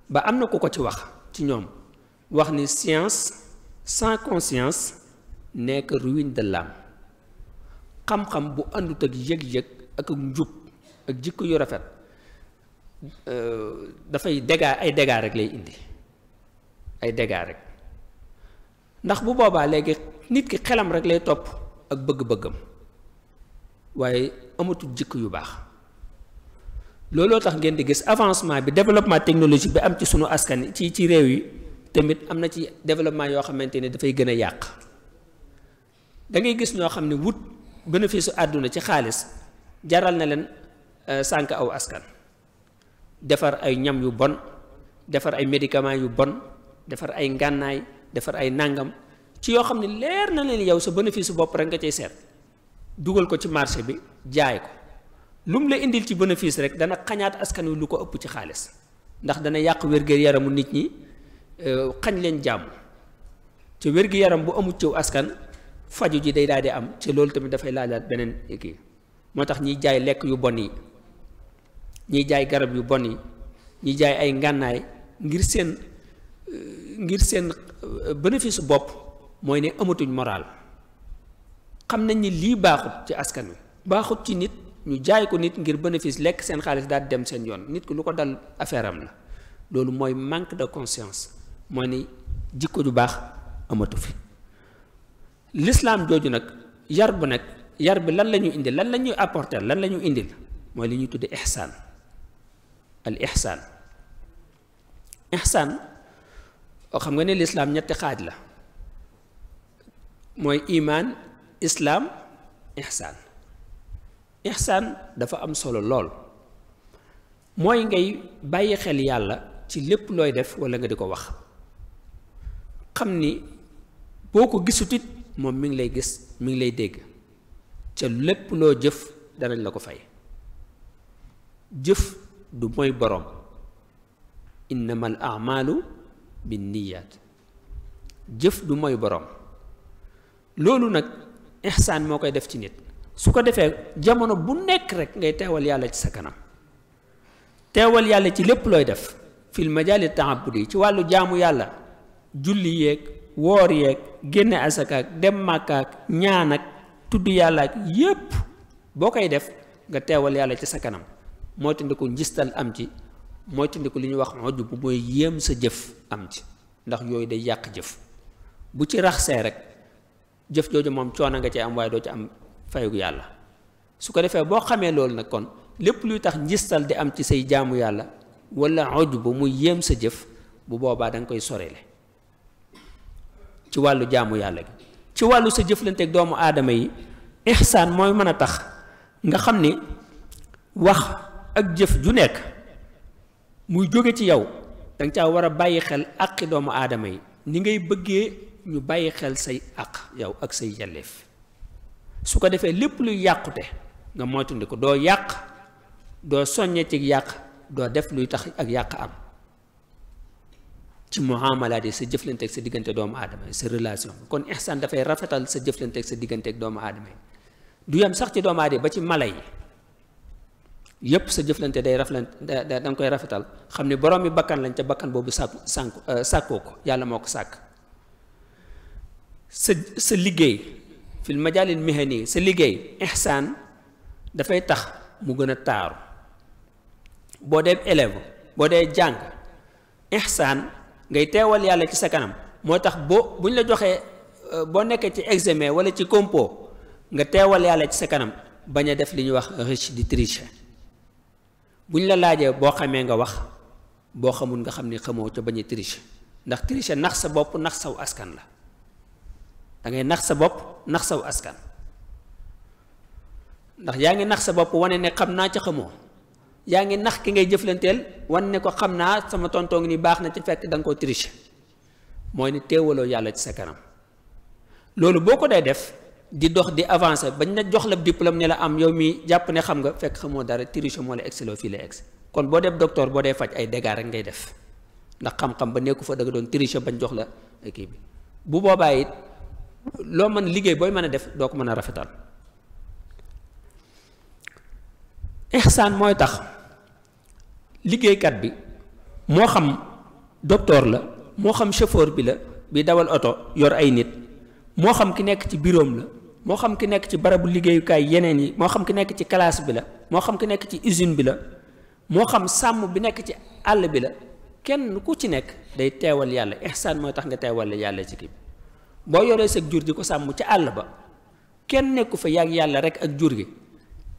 ba am na ko ko ci wax ci ñoom wax ni science sans conscience nekk ruine de l'âme xam-xam bu àndut ak yëg-yëg ak ak njub ak jikk yu rafet euh, dafay dégâts ay dégâts rek lay indi ay dégâts rek ndax bu boobaa léegi nit ki xelam rek lay topp ak bëgg-bëggam waaye amatul jikk yu baax looloo tax ngeen di gis avancement bi développement technologique bi am ci sunu askan ci ci réew yi tamit am na ci développement yoo xamante ne dafay gën a yàq da ngay gis ñoo xam ne wut bénéfice àdduna ci xaalis jaral na leen euh, sànq aw askan defar ay ñam yu bon defar ay médicaments yu bon defar ay ngànnaay defar ay nàngam ci yoo xam ne leer na leen yow sa bénéfice bopp rek nga cay seet dugal ko ci marché bi jaay ko lum mu la indil ci bénéfice rek dana xañaat askan wi lu ko ëpp ci xaalis ndax dana yàq wér yaramu nit ñi Euh, xañ leen jàmm ci wér-gi-yaram bu amul ciw askan faju ji day daal di am ci loolu tamit dafay laajaat beneen kii moo tax ñiy jaay lekk yu bon yi ñiy jaay garab yu bon yi ñiy jaay ay ngànnaay ngir seen euh, ngir seen euh, bénéfice bopp mooy ne amatuñ moral xam nañ ñi lii baaxut ci askan wi baaxut ci nit ñu jaay ko nit ngir bénéfice lekk seen xaalis daal dem seen yoon nit ku lu ko dal affaire am la loolu mooy manque de conscience moo ni jikko ju baax amatu fi lislaam jooju nag yar bu nag yar bi lan la ñuy indil lan la ñuy apporter lan la ñuy indil mooy li ñuy tudde ixsaan al ixsaan xam nga ne lislaam ñetti xaaj la mooy imaan islaam ixsaan ixsaan dafa am solo lool mooy ngay bàyyi xel yàlla ci lépp looy def walla nga di ko wax xam ni boo ko gisutit moom mi ngi lay gis mi ngi lay dégg ca lépp loo jëf danañ la ko fay jëf du mooy boroom innamal amalu binniyat jëf du mooy boroom loolu nag ihsaan moo koy def ci nit su ko defee jamono bu nekk rek ngay teewal yàlla ci sa kanam teewal yàlla ci lépp looy def fil majaali taabudi ci wàllu jaamu yàlla julli yeeg woor yeeg génne asakaak dem màkkaak ñaan ak tudd yàlla ak yépp boo koy def nga teewal yàlla ci sa kanam mooy tandiku njistal am ci mooy tandiku ñuy wax ojj bu yéem sa jëf am ci ndax yooyu day yàq jëf bu ci raxsee rek jëf jooju moom coono nga ci am waaye doo ci am fayu yàlla su ko defee boo xamee loolu nag kon lépp luy tax njistal di am ci say jaamu yàlla wala ojj bu muy yéem sa jëf bu boobaa da nga koy sorele ci wàllu jaamu yàlla gi ci wàllu sa jëflanteeg doomu aadama yi ihsaan mooy mën a tax nga xam ni wax ak jëf ju nekk muy jóge ci yow danga caa war a bàyyi xel àqi doomu aadama yi ni ngay bëggee ñu bàyyi xel say àq yow ak say yelleef su ko defee lépp luy yàqute nga moytundi ko doo yàq doo soññee ci yàq doo def luy tax ak yàq am ci muamalaat yi sa jëflanteeg sa diggante doomu aadama yi sa relation kon ihsaan dafay rafetal sa jëflanteeg sa digganteeg doomu adama yi du yam sax ci doomu aadama ba ci mala yi yépp sa jëflante day raflan da nga koy rafetal xam ne borom mi bakkan lañ ca bakkan boobu sàkku sànku euh, sàkkoo ko yàlla moo ko sàkk sa sa liggéey fil majaalil mihani sa liggéey ihsaan dafay tax mu gën a taaru boo dee élève boo dee jàng ihsaan ngay teewal yàlla ci sa kanam moo tax boo bu ñu la joxee euh, boo nekkee ci examen wala ci compo nga teewal yàlla ci sa kanam bañ a def li ñuy wax riche di tricher bu ñu la laajee boo xamee nga wax boo xamul nga xam ni xamoo ca bañ a tricher ndax tricher nax sa bopp nax saw askan la da ngay nax sa bopp nax saw askan ndax yaa ngi nax sa bopp wane ne xam naa ca xamoo. yaa ngi nax ki ngay jëflanteel wan ne ko xam naa sama tontoo ngi ni baax na ci fekk danga nga koo tricher mooy ni teewaloo yàlla ci sa kanam loolu boo ko dee def di dox di avancer bañ na jox la diplôme ne la am yow mi jàpp ne xam nga fekk xamoo dara tricher moo la exceloo fii kon boo def docteur boo dee ay dégâts rek ngay def ndax xam ba nekku fa da nga doon tricher bañ jox la kii bi bu boobaay loo mën liggéey booy mën a def doo ko mën a rafetal ihsaan mooy tax. liggéeykat bi moo xam docteur la moo xam chauffeur bi la bi dawal oto yor ay nit moo xam ki nekk ci biroom la moo xam ki nekk ci barabu liggéeyukaay yeneen yi moo xam ki nekk ci classe bi la moo xam ki nekk ci usine bi la moo xam sàmm bi nekk ci àll bi la kenn ku ci nekk day teewal yàlla ihsaan mooy tax nga teewal yàlla ci kii boo yoree sa jur di ko sàmm ci àll ba kenn nekku fa yàgg yàlla rek ak jur gi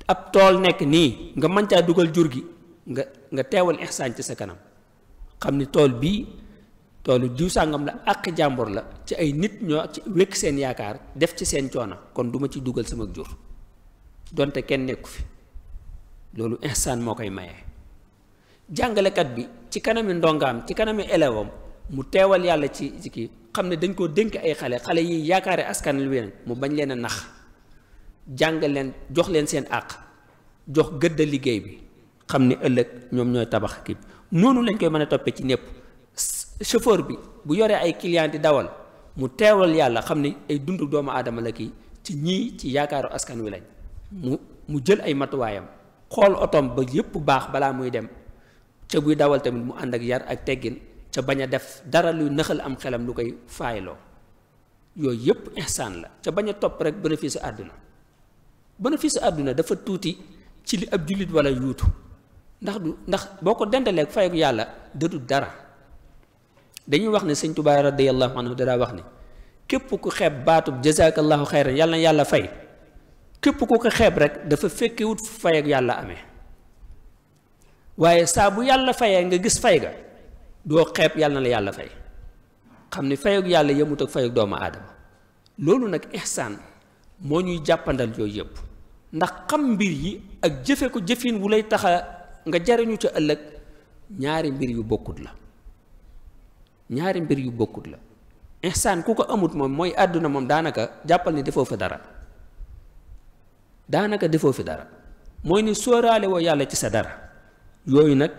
ab tool nekk nii nga mën caa dugal jur gi nga nga teewal ihsaan ci sa kanam xam ni tool bii toolu diw sàngam la àq jàmbur la ci ay nit ñoo ci wékk seen yaakaar def ci seen coono kon duma ci dugal sama jur donte kenn nekku fi loolu ihsaan moo koy maye jàngalekat bi ci kanami ndongaam ci kanami élève mu teewal yàlla ci ci xam ne dañ koo dénk ay xale xale yi yaakaare askan lu weneen mu bañ leen a nax jàngal leen jox leen seen àq jox gëdd liggéey bi xam ni ëllëg ñoom ñooy tabax kii noonu lañ koy mën a toppee ci ñëpp chauffeur bi bu yoree ay client di dawal mu teewal yàlla xam ni ay dundu doomu aadama la kii ci ñii ci yaakaaru askan wi lañ mu mu jël ay matuwaayam xool otoom ba yépp baax balaa muy dem ca buy dawal tamit mu ànd ak yar ak teggin ca bañ a def dara luy nëxal am xelam lu koy faayloo yooyu yépp ihsaan la ca bañ a topp rek bénéfice àdduna bénéfice àdduna dafa tuuti ci li ab jullit ndax du ndax boo ko dendaleeg fayag yàlla dëddu dara dañuy wax ne sëñ Tuubaa radiyallahu anhu dadaa wax ni képp ku xeeb baatub jazakallahu xayran yàlla na yàlla fay képp ko ko xeeb rek dafa fekkewut fayag yàlla ame waaye saa bu yàlla fayee nga gis fay ga doo xeeb yàlla na la yàlla fay xam ne fayag yàlla yemut ak fayag doomu aadama loolu nag ihsaan moo ñuy jàppandal yooyu yëpp ndax xam mbir yi ak jëfe ko jëfin wu lay taxa nga jariñu ca ëllëg ñaari mbir yu bokkut la ñaari mbir yu bokkut la ihsaan ku ko amut moom mooy àdduna moom daanaka jàppal ni defoo fi dara daanaka defoo fi dara mooy ni sóoraale woo yàlla ci sa dara yooyu nag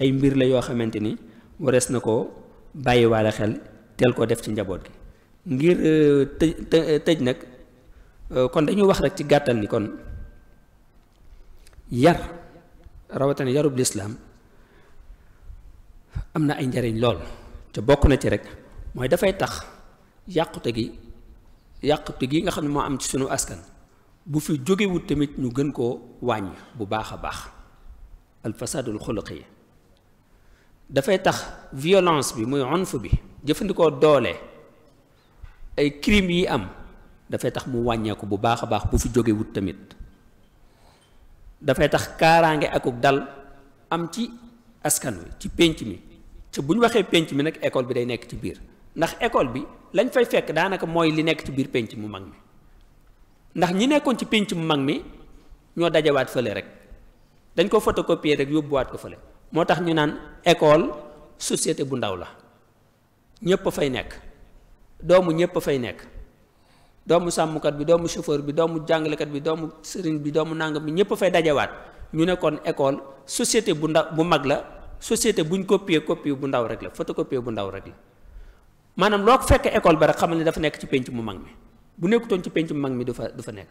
ay mbir la yoo xamante ni warees na ko bàyyiwaale xel teel ko def ci njaboot gi ngir euh, tëj tëj nag euh, kon dañuy wax rek ci gàttal ni kon yar rawatina yarub lislaam am na ay njariñ lool te bokk na ci rek mooy dafay tax yàqute gi yàqute gi nga xam ne moo am ci suñu askan bu fi jógewut tamit ñu gën koo wàññ bu baax a baax alfasadul xuluqi dafay tax violence bi muy onf bi jëfandikoo doole ay kirim yi am dafay tax mu wàññeeku bu baax a baax bu fi jógewut tamit dafay tax kaaraange akuk dal am ci askan wi ci pénc mi te bu ñu waxee pénc mi nag école bi day nekk ci biir ndax école bi lañ fay fekk daanaka mooy li nekk ci biir pénc mu mag mi ndax ñi nekkoon ci pénc mu mag mi ñoo dajawaat fële rek dañ ko photocopier rek yóbbuwaat ko fële moo tax ñu naan école société bu ndaw la ñépp a fay nekk doomu ñépp a fay nekk doomu sàmmkat bi doomu chauffeur bi doomu jàngalekat bi doomu sëriñ bi doomu nangam bi ñëpp fay dajawaat ñu nekkoon kon école bu ndaw bu mag la société buñ copier copie bu ndaw rek la photocopier bu ndaw rek la maanaam loo fekk école ba rek xamal ne dafa nekk ci penc mu mag mi bu nekkutoon ci penc mu mag mi du fa du fa nekk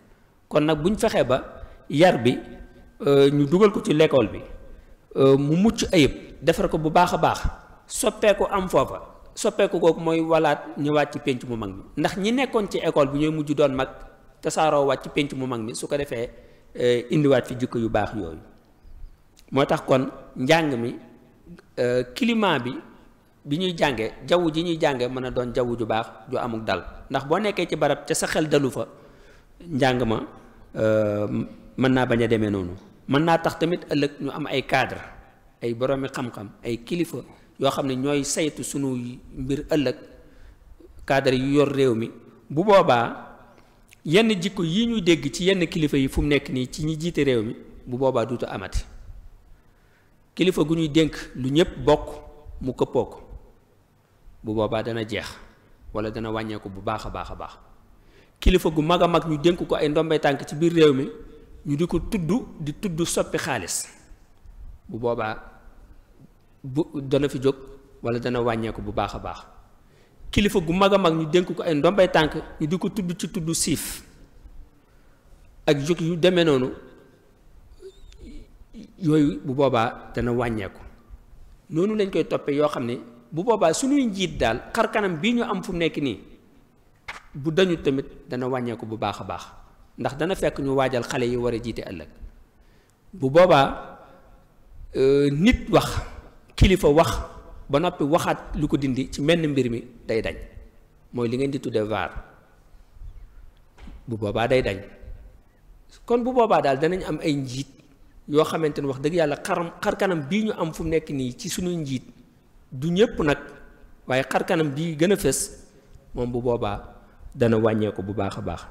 kon nag buñ fexee ba yar bi euh, ñu dugal ko ci lekkool bi euh, mu mucc ayib defar ko bu baax a baax soppeeku am foofa. soppeeku googu mooy walaat ñëwaat ci pénc mu mag mi ndax ñi nekkoon ci école bi ñooy mujj doon mag tasaaroo waat ci pénc mu mag mi su ko defee eh, indiwaat fi jikko yu baax yooyu moo tax kon njàng mi eh, climat bi bi ñuy jànge jaww ji ñuy jànge mën a doon jaww ju baax ju amul dal ndax boo nekkee ci barab ca sa xel dalu fa njàng ma eh, mën naa bañ a demee noonu mën naa tax tamit ëllëg ñu am ay cadre ay boromi xam-xam ay kilifa yoo xam ne ñooy saytu sunu mbir ëllëg cadre yu yor réew mi bu boobaa yenn jikko yi ñu dégg ci yenn kilifa yi fu nekk nii ci ñi jiite réew mi bu boobaa duutu amati kilifa gu ñuy dénk lu ñëpp bokk mu këppoo ko bu boobaa dana jeex walla dana wàññeeku bu baax a baax a baax kilifa gu mag a mag ñu dénk ko ay ndombay tànk ci biir réew mi ñu di ko tudd di tudd soppi xaalis bu boobaa bu dana fi jóg wala dana wàññeeku bu baax a baax kilifa gu mag a mag ñu dénk ko ay ndombay tànk ñu di ko tudd ci tudd siif ak jóg yu demee noonu yooyu bu boobaa dana wàññeeku noonu lañ koy toppee yoo xam ne bu boobaa suñuy njiit daal xar kanam bii ñu am fu nekk nii bu dañu tamit dana wàññeeku bu baax a baax ndax dana fekk ñu waajal xale yi war a jiite ëllëg bu boobaa euh, nit wax kilifa wax ba noppi waxaat lu ko dindi ci menn mbir mi day dañ mooy li ngeen di tuddee vaar bu boobaa day dañ kon bu boobaa daal danañ am ay njiit yoo xamante ne wax dëgg yàlla xaram xar kanam bii ñu am fu nekk nii ci suñu njiit du ñëpp nag waaye xar kanam bii gën a fës moom bu boobaa dana wàññeeku bu baax a baax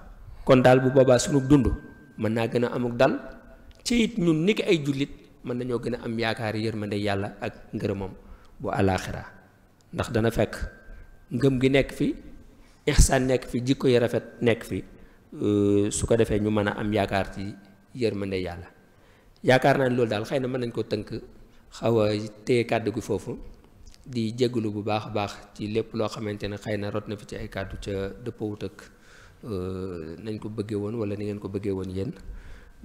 kon daal bu boobaa suñu dund mën naa gën a amuk dal ci it ñun niki ay jullit mën nañoo gën a am yaakaar ma yërmande yàlla ak ngërëmam bu àllaaxira ndax dana fekk ngëm gi nekk fi ihsaan nekk fi jikko yi rafet nekk fi euh, su ko defee ñu mën a am yaakaar ci yërmande yàlla yaakaar naa ne loolu daal xëy na mën nañ ko tënk xawa a téye kàddu gi foofu di jégalu bu baax a baax ci lépp loo xamante ne xëy na rot na fi ci ay kàddu ca dëppawut ak euh, nañ ko bëggee woon wala ni ngeen ko bëggee woon yéen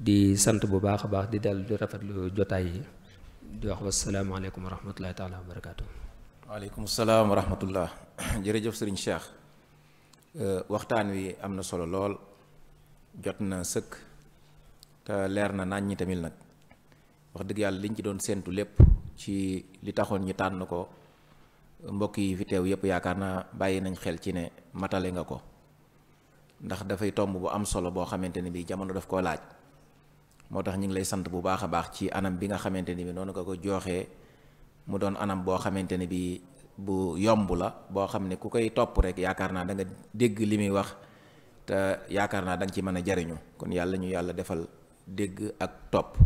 di sant bu baax a baax di dal di rafetlu jotaay yi di wax wasalaamaaleykum wa rahmatullahi taala wa barakaatu.
salaam wa jërëjëf sëriñ Cheikh euh, waxtaan wi am na solo lool jot na sëkk te leer na nañ ñi tamit nag wax dëgg yàlla liñ ci doon séentu lépp ci li taxoon ñu tànn ko mbokk yi fi teew yépp yaakaar naa bàyyi nañ xel ci ne matale nga ko ndax dafay tomb bu am solo boo xamante ni bii jamono daf koo laaj. moo tax ñu ngi lay sant bu baax a baax ci anam bi nga xamante ni bi noonu nga ko jooxee mu doon anam boo xamante ne bi bu yomb la boo xam ne ku koy topp rek yaakaar naa danga dégg li muy wax te yaakaar naa danga ci mën a jariñu kon yàlla ñu yàlla defal dégg ak topp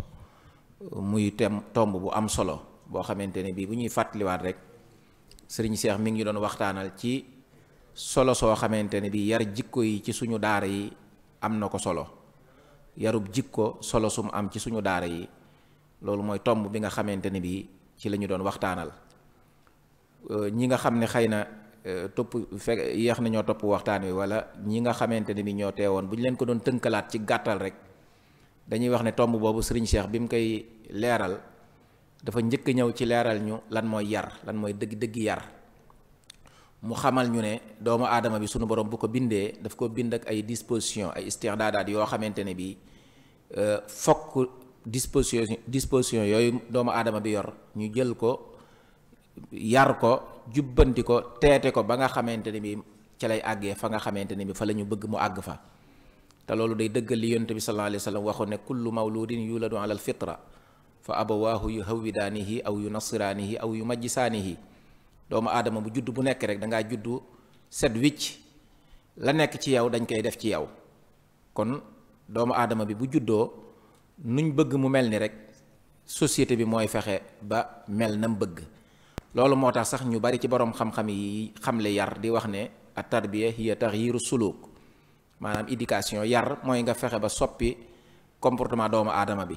muy tem tomb bu am solo boo xamante ne bii bu ñuy fàttaliwaat rek sëriñ Seex mi ngi doon waxtaanal ci solo soo xamante ne bii yar jikko yi ci suñu daara yi am na ko solo yarub jikko solo sum am ci suñu daara yi loolu mooy tomb bi nga xamante ne bii ci la ñu doon waxtaanal euh, ñi nga xam ne xëy na euh, topp fekk yéex na ñoo topp waxtaan wi wala ñi nga xamante ne bii ñoo teewoon bu ñu leen ko doon tënkalaat ci gàttal rek dañuy wax ne tomb boobu Serigne Cheikh bi mu koy leeral dafa njëkk ñëw ci leeral ñu lan mooy yar lan mooy dëgg dëgg yar mu xamal ñu ne doomu aadama bi suñu borom bu ko bindee daf ko bind ak ay disposition ay istixdaadaat yoo xamante ne bi euh, fokk disposition disposition yooyu doomu aadama bi yor ñu jël ko yar ko jubbanti ko teete ko ba nga xamante ne bi ca lay àggee fa nga xamante ne bi fa la ñu bëgg mu àgg fa te loolu day dëggal li yonent bi sallallahu alayhi wa sallam waxoon ne kullu mawludin yuladu ala alfitra fa abawaahu yuhawwidaanihi aw yu yunasiraanihi aw yu yumajjisaanihi doomu aadama bu judd bu nekk rek da ngaa juddu set wicc la nekk ci yow dañ koy def ci yow kon doomu aadama bi bu juddoo nuñ bëgg mu mel ni rek société bi mooy fexe ba mel nam bëgg loolu moo tax sax ñu bari ci borom xam-xam yi xamle yar di wax ne at tarbiya hiya taxyiru suluk maanaam éducation yar mooy nga fexe ba soppi comportement doomu aadama bi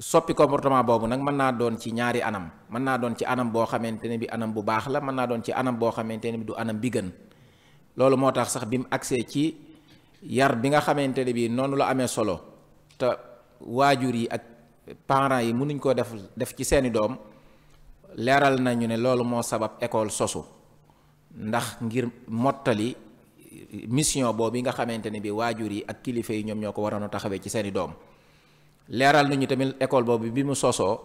soppi comportement boobu nag mën naa doon ci ñaari anam mën naa doon ci anam boo xamante ne bi anam bu baax la mën naa doon ci anam boo xamante ne bi du anam bi gën loolu moo tax sax bi mu agsee ci yar bi nga xamante ne bi noonu la amee solo te waajur yi ak parents yi mënuñ koo def def ci seeni doom leeral nañu ne loolu moo sabab école sosu ndax ngir mottali mission boobu nga xamante ne bi waajur yi ak kilifa yi ñoom ñoo ko waroon a taxawee ci seeni doom leeral nañu tamit école boobu bi mu sosoo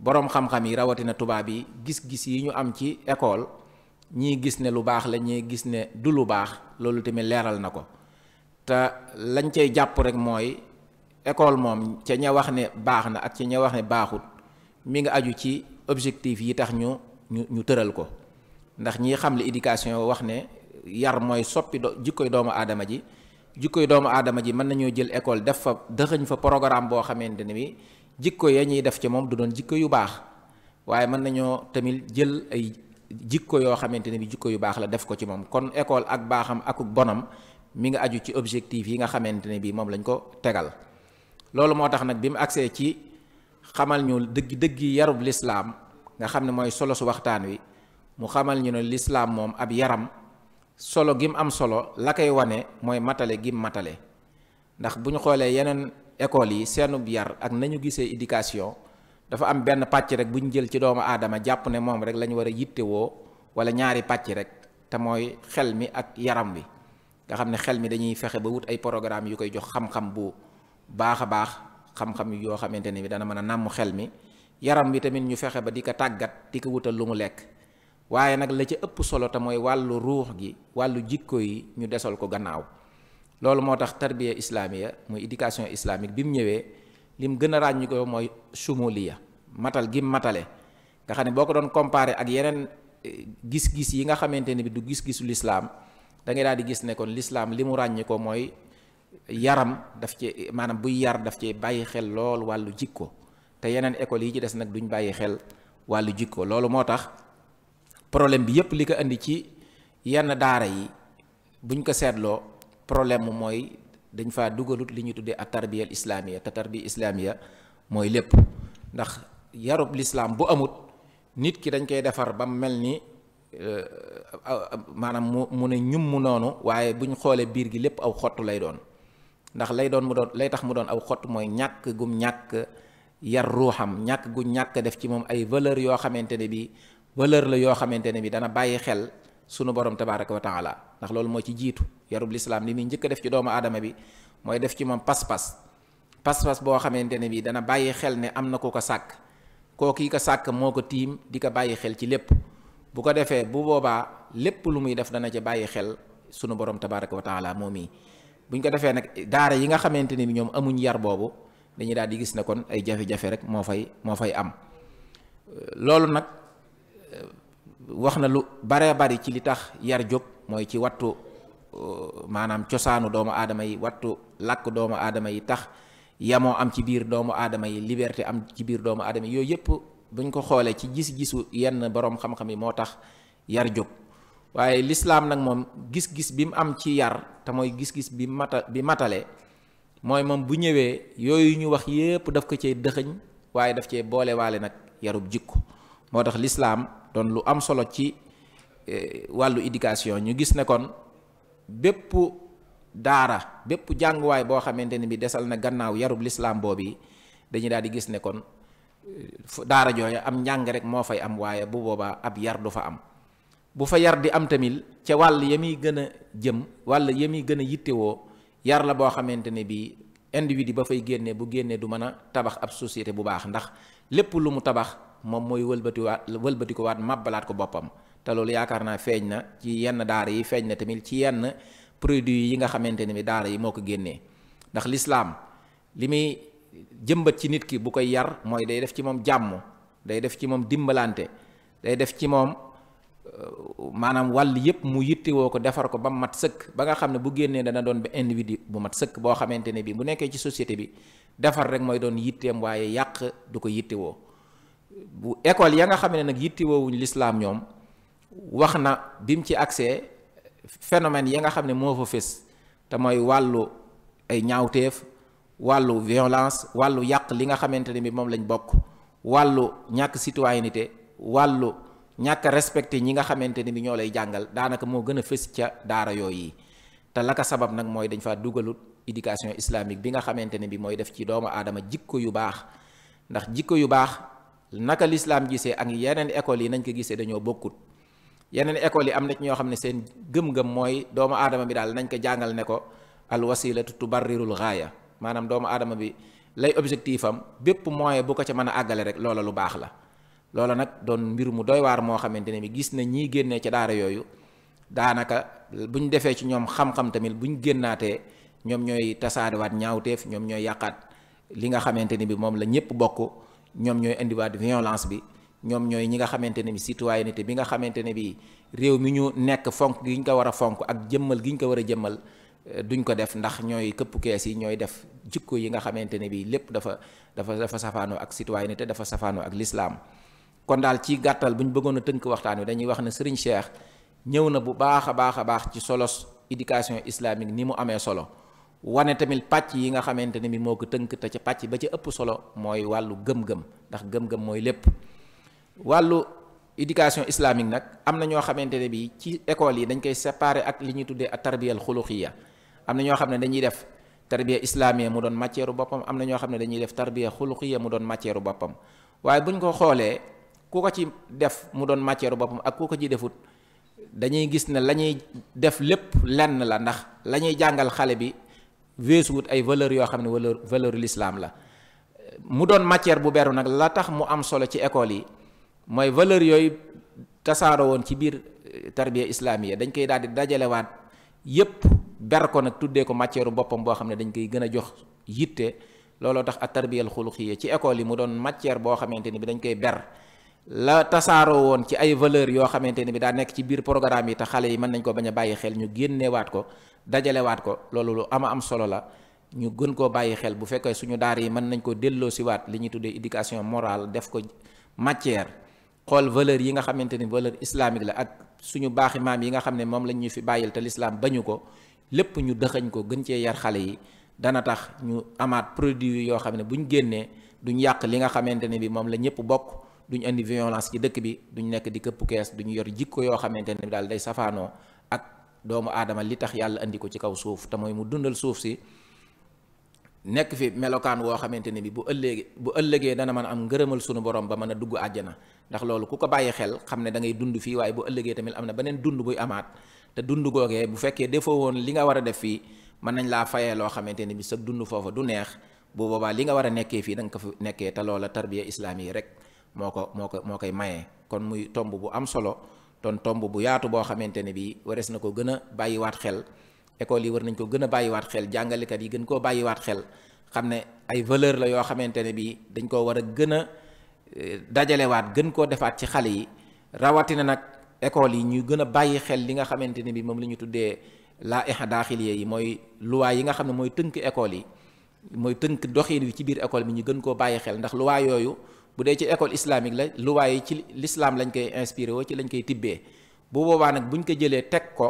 boroom xam-xam yi rawatina tubaab yi gis-gis yi ñu am ci école ñii gis ne lu baax la ñii gis ne du lu baax loolu tamit leeral na ko te lañ cay jàpp rek mooy école moom ca ña wax ne baax na ak ca ña wax ne baaxut mi nga aju ci objectif yi tax ñu ñu ñu tëral ko ndax ñi xam le éducation wax ne yar mooy soppi do jikkoy doomu aadama ji jikkoy doomu aadama ji mën nañoo jël école def fa dëxëñ fa programme boo xamante ne bi jikko ya ñuy def ci moom du doon jikko yu baax waaye mën nañoo tamit jël ay jikko yoo xamante ne bi jikko yu baax la def ko ci moom kon école ak baaxam ak bonam mi ngi aju ci objectif yi nga xamante ne bi moom lañ ko tegal loolu moo tax nag bi mu agsee ci xamal ñu dëgg dëgg yarub lislaam nga xam ne mooy solo su waxtaan wi mu xamal ñu ne lislaam moom ab yaram solo gim am solo la koy wane mooy matale gim matale ndax bu ñu xoolee yeneen école yi seenub yar ak nañu gisee éducation dafa am benn pàcc rek bu ñu jël ci doomu aadama jàpp ne moom rek la ñu war a yittewoo wala ñaari pàcc rek te mooy xel mi ak yaram wi nga xam ne xel mi dañuy fexe ba wut ay programme yu koy jox xam-xam bu baax a baax xam-xam yoo xamante ne bi dana mën a nàmm xel mi yaram wi tamit ñu fexe ba di ko tàggat di ko wutal lu mu lekk waaye nag la ci ëpp solo te mooy wàllu ruux gi wàllu jikko yi ñu desal ko gannaaw loolu moo tax tarbiya islamiya muy éducation islamique bi mu ñëwee li mu gën a ràññu ko mooy shumuliya matal gi matale nga xam ne boo ko doon comparé ak yeneen eh, gis-gis yi nga xamante ne bi du gis-gisu lislaam da ngay daal di gis ne kon lislaam li mu ràññi ko mooy yaram daf ci maanaam buy yar daf ci bàyyi xel lool wàllu jikko te yeneen école yi ci des nag duñ bàyyi xel wàllu jikko loolu moo tax problème bi yëpp li ko indi ci yenn daara yi buñ ko seetloo problème mu mooy dañ faa dugalut li ñu tuddee at tarbiya islaamiya te tarbiya islaamiya mooy lépp ndax yarub lislaam bu amut nit ki dañ koy defar ba mu mel ni euh, maanaam mu mu ne ñum mu noonu waaye buñ xoolee biir gi lépp aw xottu lay doon ndax lay doon mu doon lay tax mu doon aw xottu mooy ñàkk gum ñàkk yar ruuxam ñàkk gu ñàkk def ci moom ay valeur yoo xamante ne bii valeur la yoo xamante ne bi dana bàyyi xel sunu borom tabaraka wa taala ndax loolu moo ci jiitu yarub lislaam ni muy njëkk def ci doomu aadama bi mooy def ci moom pas-pas pas-pas boo xamante ne bi dana bàyyi xel ne am na ku ko sàkk koo kii ko sàkk moo ko tiim di ko bàyyi xel ci lépp bu ko defee bu boobaa lépp lu muy def dana ci bàyyi xel sunu borom tabaraka wa taala moom yi buñ ko defee nag daara yi nga xamante ne bi ñoom amuñ yar boobu dañuy daal di gis ne kon ay jafe rek moo fay moo fay am wax na lu baree bari ci li tax yar jóg mooy ci wattu uh, maanaam cosaanu doomu aadama yi wattu làkk doomu aadama yi tax yamoo am ci biir doomu aadama yi liberté am ci biir doomu aadama yi yooyu yëpp buñ ko xoolee ci gis-gisu yenn boroom xam-xam yi moo tax yar jóg waaye lislaam nag moom gis-gis bi mu am ci yar te mooy gis-gis bi mata bi matale mooy moom bu ñëwee yooyu ñu wax yépp daf ko cee dëxëñ waaye daf cee boolewaale nag yarub jikko moo tax lislaam doon lu am solo ci eh, wàllu éducation ñu gis ne kon bépp daara bépp jànguwaay boo xamante ni bi desal na gannaaw yarub lislaam boobu dañuy daal di gis ne kon eh, daara jooya am njàng rek moo fay am waaye bu boobaa ab yar du fa am bu fa yar di am tamit ca wàll ya muy gën a jëm wàll ya muy gën a yittewoo yar la boo xamante ne bii individu ba fay génnee bu génnee du mën a tabax ab société bu baax ndax lépp lu mu tabax moom mooy wëlbati waat wëlbati ko waat màbbalaat ko boppam te loolu yaakaar naa feeñ na ci yenn daara yi feeñ na tamit ci yenn produit yi nga xamante ne bi daara yi moo ko génnee ndax lislaam li muy jëmbat ci nit ki bu koy yar mooy day def ci moom jàmm day def ci moom dimbalante day def ci moom euh, maanaam wàll yépp mu woo ko defar ko ba mu mat sëkk ba nga xam ne bu génnee dana doon ba individu bu mat sëkk boo xamante ne bi bu nekkee ci société bi defar rek mooy doon yitteem waaye yàq du ko yittewoo bu école ya nga xam ne nag yittiwoowuñ lislaam ñoom wax na bi mu ci agsee phénomène ya nga xam ne moo fa fés te mooy wàllu ay ñaawteef wàllu violence wàllu yàq li nga xamante ne bi moom lañ bokk wàllu ñàkk citoyenneté wàllu ñàkk respecté ñi xamante ne bi ñoo lay jàngal daanaka moo gën a fés ca daara yooyu te la ko sabab nag mooy dañ faa dugalut éducation islamique bi nga xamante ne bi mooy def ci doomu aadama jikko yu baax ndax jikko yu baax naka lislaam gisee ak yeneen écoles yi nañ ko gisee dañoo bokkut yeneen écoles yi am na ci ñoo xam ne seen gëm-gëm mooy doomu aadama bi daal nañ ko jàngal ne ko al wasilatu tubarrirul gaaya maanaam doomu aadama bi lay objectif am bépp moyen bu ko ca mën a àggale rek loola lu baax la loola nag doon mbir mu doy waar moo xamante ne bi gis na génnee ca daara yooyu daanaka buñ defee ci ñoom xam-xam tamit buñ génnaatee ñoom ñooy tasaarewaat ñaawteef ñoom ñooy yàqaat li nga xamante ni bi moom la ñëpp bokk ñoom ñooy indiwaat violence bi ñoom ñooy ñi nga xamante ne bi citoyenneté bi nga xamante ne bi réew mi ñu nekk fonk gi ñu ko war a fonk ak jëmmal gi ñu ko war a jëmmal euh, duñ ko def ndax ñooy këpp kees yi ñooy def jikko yi nga xamante ne bi lépp dafa dafa dafa safaanoo ak citoyenneté dafa safaanoo ak lislaam kon daal ci gàttal bu ñu bëggoon a tënk waxtaan wi dañuy wax ne Serigne Cheikh ñëw na bu baax a baax a baax ci solos éducation islamique ni mu amee solo wane tamit pàcc yi nga xamante ne bi moo ko tënk te ca pàcc ba ca ëpp solo mooy wàllu gëm-gëm ndax gëm-gëm mooy lépp wàllu éducation islamique nag am na ñoo xamante ne bi ci école yi dañ koy séparer ak li ñuy tuddee ak tarbiyal xuluqiya am na ñoo xam ne dañuy def tarbiya islamiya mu doon matière boppam am na ñoo xam ne dañuy def tarbiya xuluqiya mu doon matière boppam waaye buñ ko xoolee ku ko ci def mu doon matière boppam ak ku ko ci defut dañuy gis ne la ñuy def lépp lenn la ndax la ñuy jàngal xale bi weesuwut ay valeur yoo xam ne valeur valeur lislaam la mu doon matière bu beru nag la tax mu am solo ci école yi mooy valeur yooyu tasaaroo woon ci biir eh, tarbiya islamiya dañ koy daal di dajalewaat yépp ber ko nag tuddee ko matière boppam boo ne dañ koy gën a jox yitte looloo tax ak tarbiyal xuluqiya ci école yi mu doon matière boo xamante ni bi dañ koy ber la tasaaroo woon ci ay valeur yoo xamante ni bi daa nekk ci biir programme yi te xale yi mën nañ ko bañ a bàyyi xel ñu génneewaat ko dajalewaat ko loolu lu ama am solo la ñu gën koo bàyyi xel bu fekkee suñu daar yi mën nañ ko delloo siwaat li ñuy tuddee éducation morale def ko matière xool valeur yi nga xamante ni valeur islamique la ak suñu baaxi maam yi nga xam ne moom lañ ñu fi bàyyil te l'islam bañu ko lépp ñu dëxëñ ko gën cee yar xale yi dana tax ñu amaat produit yoo xam ne bu ñu génnee duñ yàq li nga xamante ne bi moom la ñëpp bokk duñu indi violence ci dëkk bi duñ nekk di këpp kees duñ yor jikko yoo xamante ne bi daal day safaanoo doomu aadama li tax yàlla indi ko ci kaw suuf te mooy mu dundal suuf si nekk fi melokaan woo xamante ne bi bu ëllëgee bu ëllëgee dana mën a am ngërëmal sunu borom ba mën a dugg na ndax loolu ku ko bàyyi xel xam ne da ngay dund fii waaye bu ëllëgee tamit am na beneen dund buy amaat te dund googee bu fekkee defoo woon li nga war a def fii mën nañ laa fayee loo xamante ne bi sa dund foofa du neex bu boobaa li nga war a nekkee fii da ko fi nekkee te loola islaam yi rek moo ko moo ko moo koy mayee kon muy tomb bu am solo doon tomb bu yaatu boo xamante ne bii warees na ko gën a bàyyiwaat xel école yi war nañ ko gën a bàyyiwaat xel jàngalekat yi gën koo bàyyiwaat xel xam ne ay valeur la yoo xamante ne bii dañ koo war a gën a eh, dajalewaat gën koo defaat ci xale yi rawatina nag école yi ñu gën a bàyyi xel li nga xamante ne bii moom la ñu tuddee laiha daaxiliya yi mooy luwaay yi nga xam ne mooy tënk école yi mooy tënk doxin wi ci biir école bi ñu gën koo bàyyi xel ndax luwaa yooyu bu dee ci école islamique la luwaay yi ci lislaam lañ koy inspiré woo ci lañ koy tibbee bu boobaa nag buñ ko jëlee teg ko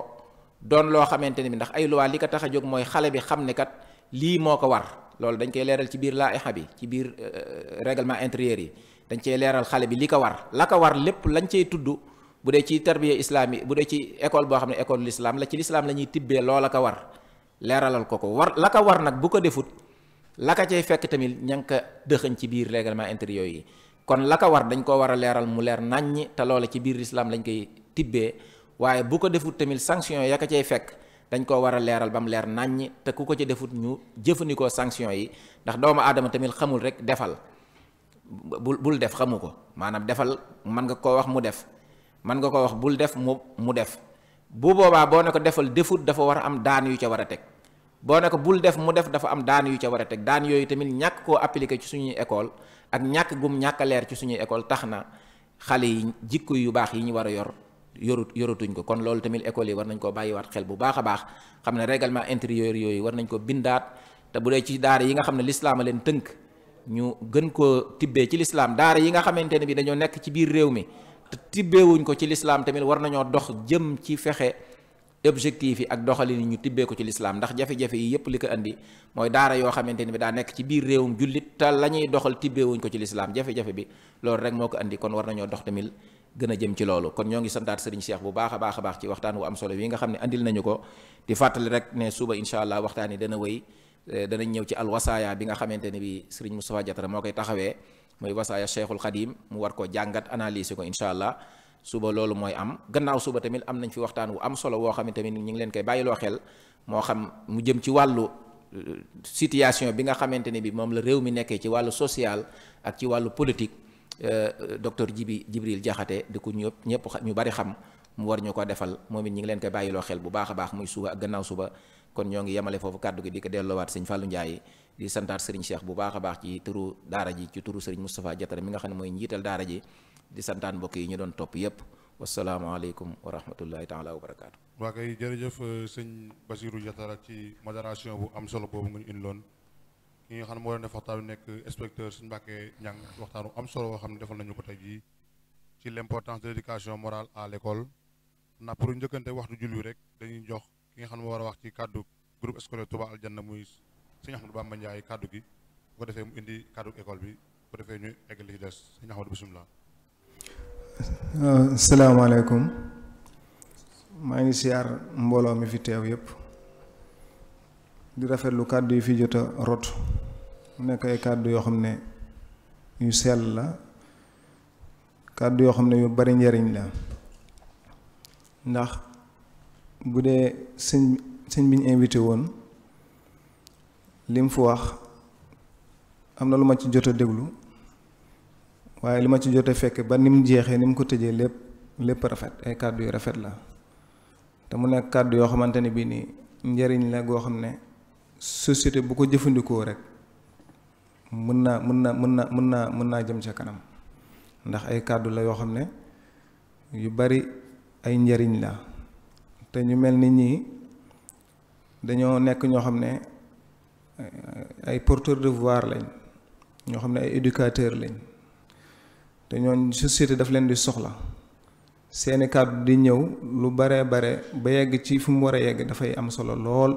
doon loo xamante ne bi ndax ay luwaa li ko tax a jóg mooy xale bi xam ne kat lii moo ko war loolu dañ koy leeral ci biir laiha bi ci biir euh, euh, règlement intérieur yi dañ cey leeral xale bi li ko war la war lépp lañ cey tudd bu dee ci tarbiya islamique bu dee ci école boo xam ne école l'islam la ci l'islam la ñuy tibbee loola ko war leeralal ko ko war la ko war nag bu ko defut la ka cay fekk tamit ña ngi ko dëxëñ ci biir règlement intérieur yi kon la ko war dañ koo war a leeral mu leer naññ te loola ci biir lislaam lañ koy tibbee waaye bu ko defut tamit sanction ya ka cay fekk dañ koo war a leeral ba mu leer naññ te ku ko ci defut ñu jëfandikoo sanction yi ndax doomu aadama tamit xamul rek defal bul bul def xamu ko maanaam defal mën nga koo wax mu def mën nga ko wax bul def mu mu def bu boobaa boo ne ko defal defut dafa war a am daan yu ca war a teg boo ne ko bul def mu def dafa am daan yu ca war a teg daan yooyu tamit ñàkk ko appliqué ci suñuy école ak ñàkk gum ñàkk leer ci suñuy école tax na xale yi jikko yu baax yi ñu war a yor yorut yorutuñ ko kon loolu tamit école yi war nañ koo bàyyiwaat xel bu baax a baax xam ne règlement intérieur yooyu war nañ ko bindaat te bu dee ci daara yi nga xam ne lislaam a leen tënk ñu gën koo tibbee ci lislaam daara yi nga xamante ne bi dañoo nekk ci biir réew mi te ko ci lislaam tamit war nañoo dox jëm ci fexe objectif yi ak doxalin ñu tibbee ko ci lislaam ndax jafe-jafe yi yëpp li ko indi mooy daara yoo xamante ni bi daa nekk ci biir réewum jullit te la ñuy doxal wuñ ko ci lislaam jafe-jafe bi loolu rek moo ko indi kon war nañoo dox tamit gën a jëm ci loolu kon ñoo ngi santaat sëriñ Cheikh bu baax a baax a baax ci waxtaan wu am solo wi nga xam ne andil nañu ko di fàttali rek ne suba incha allah waxtaan yi dana wéy eh, danañ ñëw ci alwasaaya bi nga xamante ni bi sëriñ Moustapha Diatara moo koy taxawee mooy wasaaya Cheikhul Khadim mu war koo jàngat analyser ko incha allah suba loolu mooy am gannaaw suba tamit am nañ fi waxtaan wu am solo woo xam ne tamit ñu ngi leen koy bàyyiloo xel moo xam mu jëm ci wàllu euh, situation bi nga xamante ne bi moom la réew mi nekkee ci wàllu social ak ci wàllu politique euh, docteur Jibi Jibril Jaxate di ko ñëpp ñëpp ñu bari xam mu war ñu ko defal moom it ñu ngi leen koy bàyyiloo xel bu baax a baax muy suba ak gannaaw suba kon ñoo ngi yemale foofu kàddu gi di ko delloowaat sëñ Fallou Ndiaye di santaat sëriñ Cheikh bu baax a baax ci turu daara ji turu sëriñ Moustapha Diatara mi nga xam ne mooy njiital daara ji di santaan mbokk yi ñu doon topp yëpp wasalaamaaleykum wa rahmatullahi taala wa barakaatu.
waa kay jërëjëf euh, sëñ Basirou Diatara ci modération bu am solo boobu nga ñu indiloon ki nga xam ne moo ne def waxtaan nekk inspecteur suñ Mbàkke ñang waxtaan am solo boo xam ne defal nañu ko tey jii ci l' importance de l' éducation morale à l' école na pour njëkkante waxtu julli rek dañuy jox ki nga xam ne moo war a wax ci kàddu groupe scolaire Touba Aljanna muy sëñ Ahmadou Bamba Ndiaye kàddu gi bu ko defee mu indi kàddu école bi bu defee ñu eggali ci des sëñ bisimilah
Euh, salaamaaleykum maa ngi siyaar mbooloo mi fi teew yépp di rafetlu kàddu yi fi jot a rot nekk ay kàddu yoo xam ne yu sell la kàddu yoo xam ne yu bari njariñ la ndax bu dee sëñ sëñ bi invité woon lim fu wax am na lu ma ci jot a déglu waaye li ma ci jote fekk ba ni mu jeexee ni mu ko tëjee lépp lépp rafet ay kàddu yu rafet la te mu nekk kàddu yoo xamante ne bii nii njariñ la goo xam ne société bu ko jëfandikoo rek mën naa mën naa mën naa mën naa mën naa jëm ca kanam ndax ay kàddu la yoo xam ne yu bari ay njariñ la te ñu mel ni ñii dañoo nekk ñoo xam ne ay porteur de voix lañ ñoo xam ne ay éducateur lañ te ñooñ société daf leen di soxla seeni kàddu di ñëw lu bare bare ba yegg ci fu mu war a yegg dafay am solo lool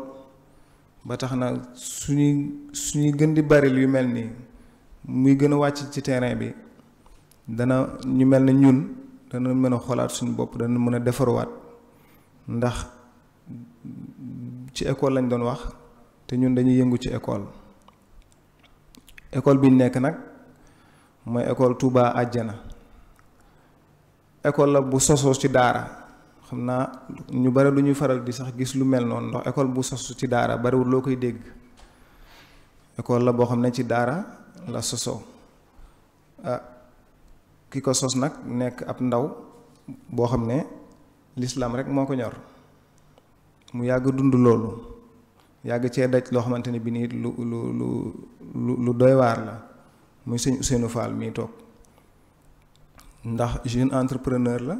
ba tax na suñuy suñuy gën di bari yu mel nii muy gën a wàcc ci terrain bi dana ñu mel na ñun dana mën a xoolaat suñu bopp dana mën a defaruwaat ndax ci école lañ doon wax te ñun dañuy yëngu ci école école biñ nekk nag mooy école Touba àjjana école la bu sosoo ci daara xam naa ñu bari du ñuy faral di sax gis lu mel noonu ndax école bu sosu ci daara bariwul loo koy dégg école la boo xam ne ci daara la sosoo ah ki ko sos nag nekk ab ndaw boo xam ne lislaam rek moo ko ñor mu yàgg dund loolu yàgg cee daj loo xamante ne bi nii lu lu lu lu doy waar la muy sëñ Ousseynou Fall mii toog ndax jeune entrepreneur la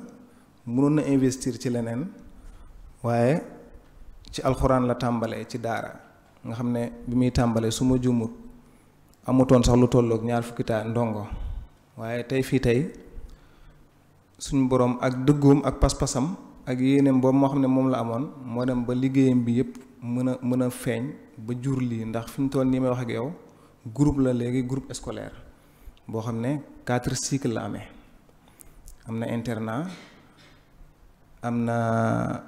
mënoon na investir ci leneen waaye ci alxuraan la tàmbalee ci daara nga xam ne bi muy tàmbalee su ma jumut amutoon sax lu tolloog ñaar fukki ndongo waaye tey fii tey suñ boroom ak dëggoom ak pas-pasam ak yéeneem boobu moo xam ne moom la amoon moo dem ba liggéeyam bi yépp mën a mën a feeñ ba jur lii ndax fi ñu toll nii may wax ak yow groupe la léegi groupe scolaire boo xam ne quatre cycle la amee am na internat am na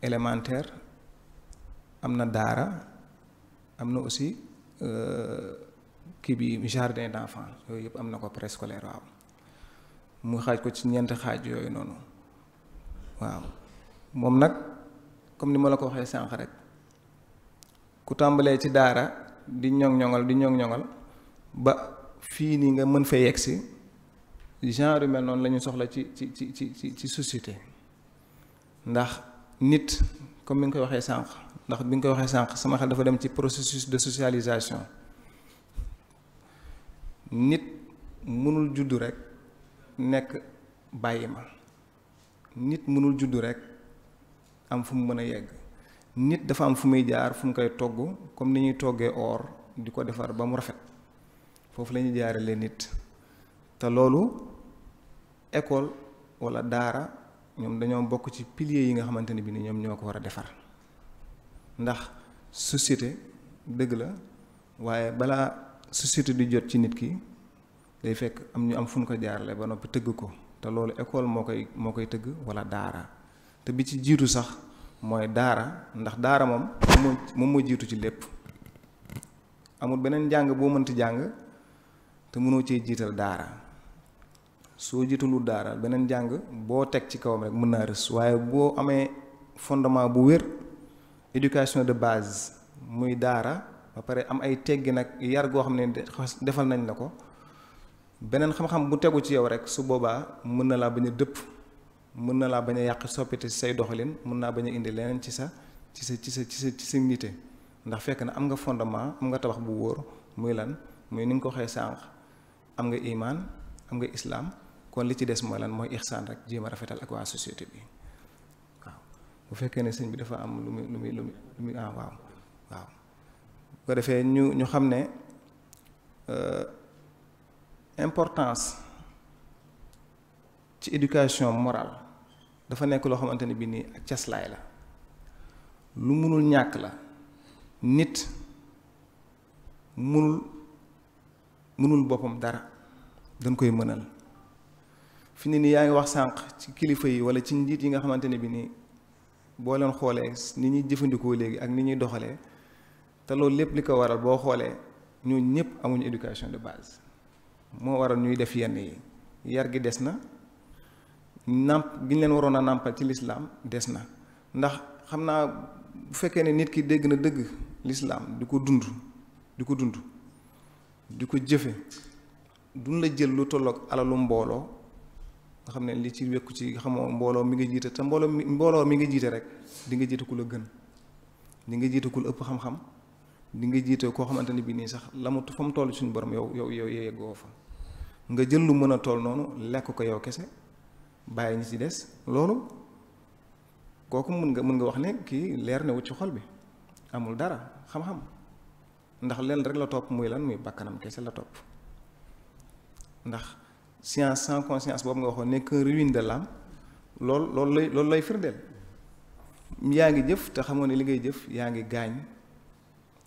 élémentaire am na daara am na aussi euh, kii bi jardin d'enfant yooyu yëpp am na ko préscolaire waaw mu xaaj ko ci ñeenti xaaj yooyu noonu waaw moom nag comme ni ma la ko waxee sànq rek ku tàmbalee ci daara di ñoŋ-ñoŋal di ñoŋ-ñoŋal ba fii nii nga mën fa yegg si genre yu mel noonu la ñu soxla ci ci ci ci ci société ndax nit comme ni nga koy waxee sànq ndax bi nga koy waxee sànq sama xel dafa dem ci processus de socialisation nit mënul juddu rek nekk bàyyi ma nit mënul juddu rek am fu mu mën a yegg. nit dafa am fu muy jaar fu mu koy togg comme ni ñuy toggee or di ko defar ba mu rafet foofu lañuy ñuy jaarale nit te loolu école walla daara ñoom dañoo bokk ci piliers yi nga xamante ne bi ni ñoom ñoo ko war a defar ndax société dëgg la waaye balaa société di jot ci nit ki day fekk am ñu am fu ñu ko jaarale ba noppi tëgg ko te loolu école moo koy moo koy tëgg walla daara te bi ci jiitu sax. mooy daara ndax daara moom moom moo jiitu ci lépp amul beneen jàng boo mënti jàng te mënoo cee jiital daara soo jiitalu daara beneen jàng boo teg ci kawam rek mën naa rës waaye boo amee fondement bu wér éducation de base muy daara ba pare am ay teggi nag yar goo xam ne defal nañ la ko beneen xam-xam bu tegu ci yow rek su boobaa mën na laa bañ a dëpp mën na laa bañ a yàq soppite ci say doxalin mën naa bañ a indi leneen ci sa ci sa ci sa ci sa ci sa nite ndax fekk na am nga fondement am nga tabax bu wóor muy lan muy ni nga ko waxee sànq am nga imaan am nga islaam kon li ci des mooy lan mooy ixsaan rek jéem a rafetal ak waa société bi waaw bu fekkee ne sëñ bi dafa am lu muy lu muy lu muy ah waaw waaw bu ko defee ñu ñu xam ne euh, importance ci éducation morale dafa nekk loo xamante ne bii nii ak caslaay la lu mënul ñàkk la nit mënul mënul boppam dara dañ koy mënal fi ne yaa ngi wax sànq ci kilifa yi walla ci njiit yi nga xamante ne bii nii boo leen xoolee ni ñuy jëfandikoo léegi ak ni ñuy doxalee te loolu lépp li ko waral boo xoolee ñooñu ñëpp amuñu éducation de base moo waral ñuy def yenn yi yar gi des na. nàmp gi leen waroon a nàmpal ci lislaam des na ndax xam naa bu fekkee ne nit ki dégg na dëgg lislaam di ko dund di ko dund di ko jëfe duñ la jël lu tolloog alalu mbooloo nga xam ne li ci wekku ci xamoo mbooloo mi nga jiite te mbooloo mi mbooloo mi nga jiite rek di nga jiite ku la gën di nga jiite ëpp xam-xam di nga jiite koo xamante ni bii nii sax la mu fa mu toll suñu borom yow yow yow yeggoo fa nga jël lu mën a tool noonu lekk ko yow kese. bàyyi ñi ci des loolu kooku mën nga mën nga wax ne kii leer ne wut ci xol bi amul dara xam-xam ndax leen rek la topp muy lan muy bàkkanam kese la topp ndax science sans conscience boobu nga waxoon ne que ruine de l'âme lool lool lay loolu lay firndeel yaa ngi jëf te xamoo ne li ngay jëf yaa ngi gaañ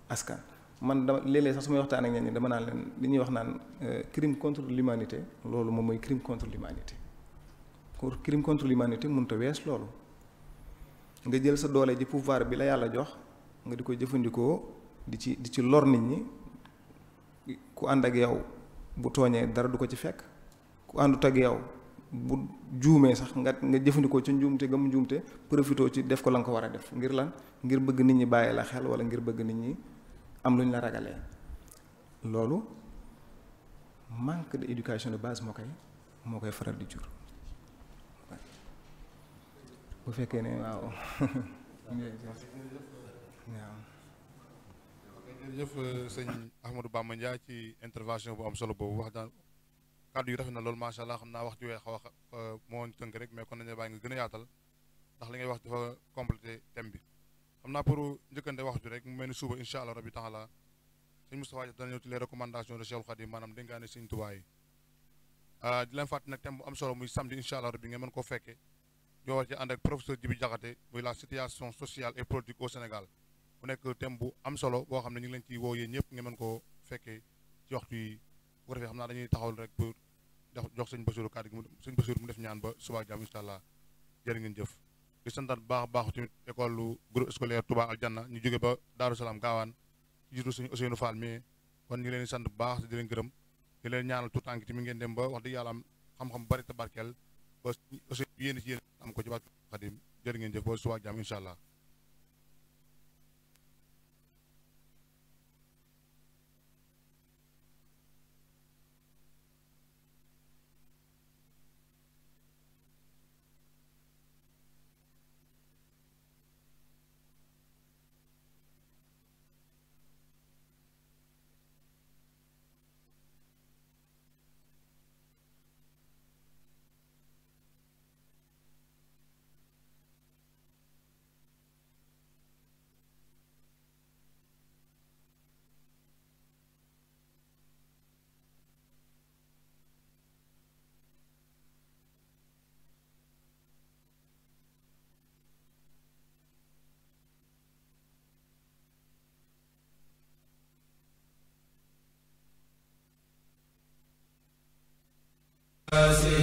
askan man dama léeg-léeg sax su may waxtaan ak ñenn ñi dama naan leen li ñuy wax naan euh, crime contre l'humanité loolu moom mooy crime contre l'humanité pour crime contre l'humanité mënut a wees loolu nga jël sa doole ji pouvoir bi la yàlla jox nga di ko jëfandikoo di ci ci lor nit ñi ku ànd ak yow bu tooñee dara du ko ci fekk ku àndut ak yow bu juumee sax nga nga jëfandikoo ci njuumte ga mu njuumte profitoo ci def ko la nga ko war a def ngir lan ngir bëgg nit ñi bàyyi la xel wala ngir bëgg nit ñi am lu ñu la ragalee loolu manque d'éducation de base moo koy moo koy faral di jur. bu fekkee ne waaw.
jërëjëf sëñ Ahmadou ma Ndiaye ci intervention bu am solo boobu wax daan kàddu yi rafet na lool macha allah xam naa wax ju wee xaw a euh, moo tënk rek mais kon nañu bàyyi nga gën a yaatal ndax li ngay wax dafa complété thème bi. xam naa pour njëkkante wax ju rek mu mel ni suba incha allah rabi taala sëñ Moustapha Dia dana ñëw ci les recommandations de Cheikhoul Khadim maanaam dénkaane sëñ Tuubaa yi euh, di leen fàttali nag thème bu am solo muy samedi incha allah rabi ngeen mën koo fekkee. ñoo war ci ànd ak professeur Djibi Diakhaté muy la situation sociale et politique au Sénégal mu nekk thème bu am solo boo xam ne ñu ngi leen ciy woo yéen ñëpp ngeen mën koo ci waxtu yi bu ko xam naa dañuy taxawal rek jox jox sëñ Bassirou ba suba jàmm allah jërë ngeen jëf di santaat baax baax tamit école lu groupe scolaire Touba Aljanna ñu jóge ba Daaru Salaam Gaawaan ci jiitu suñu Ousseynou Fall mi kon ñu leen di sant baax di leen gërëm di leen ñaanal tout ba wax yéen ci am ko ci baax Xaadim jërë ngeen jëf allah
si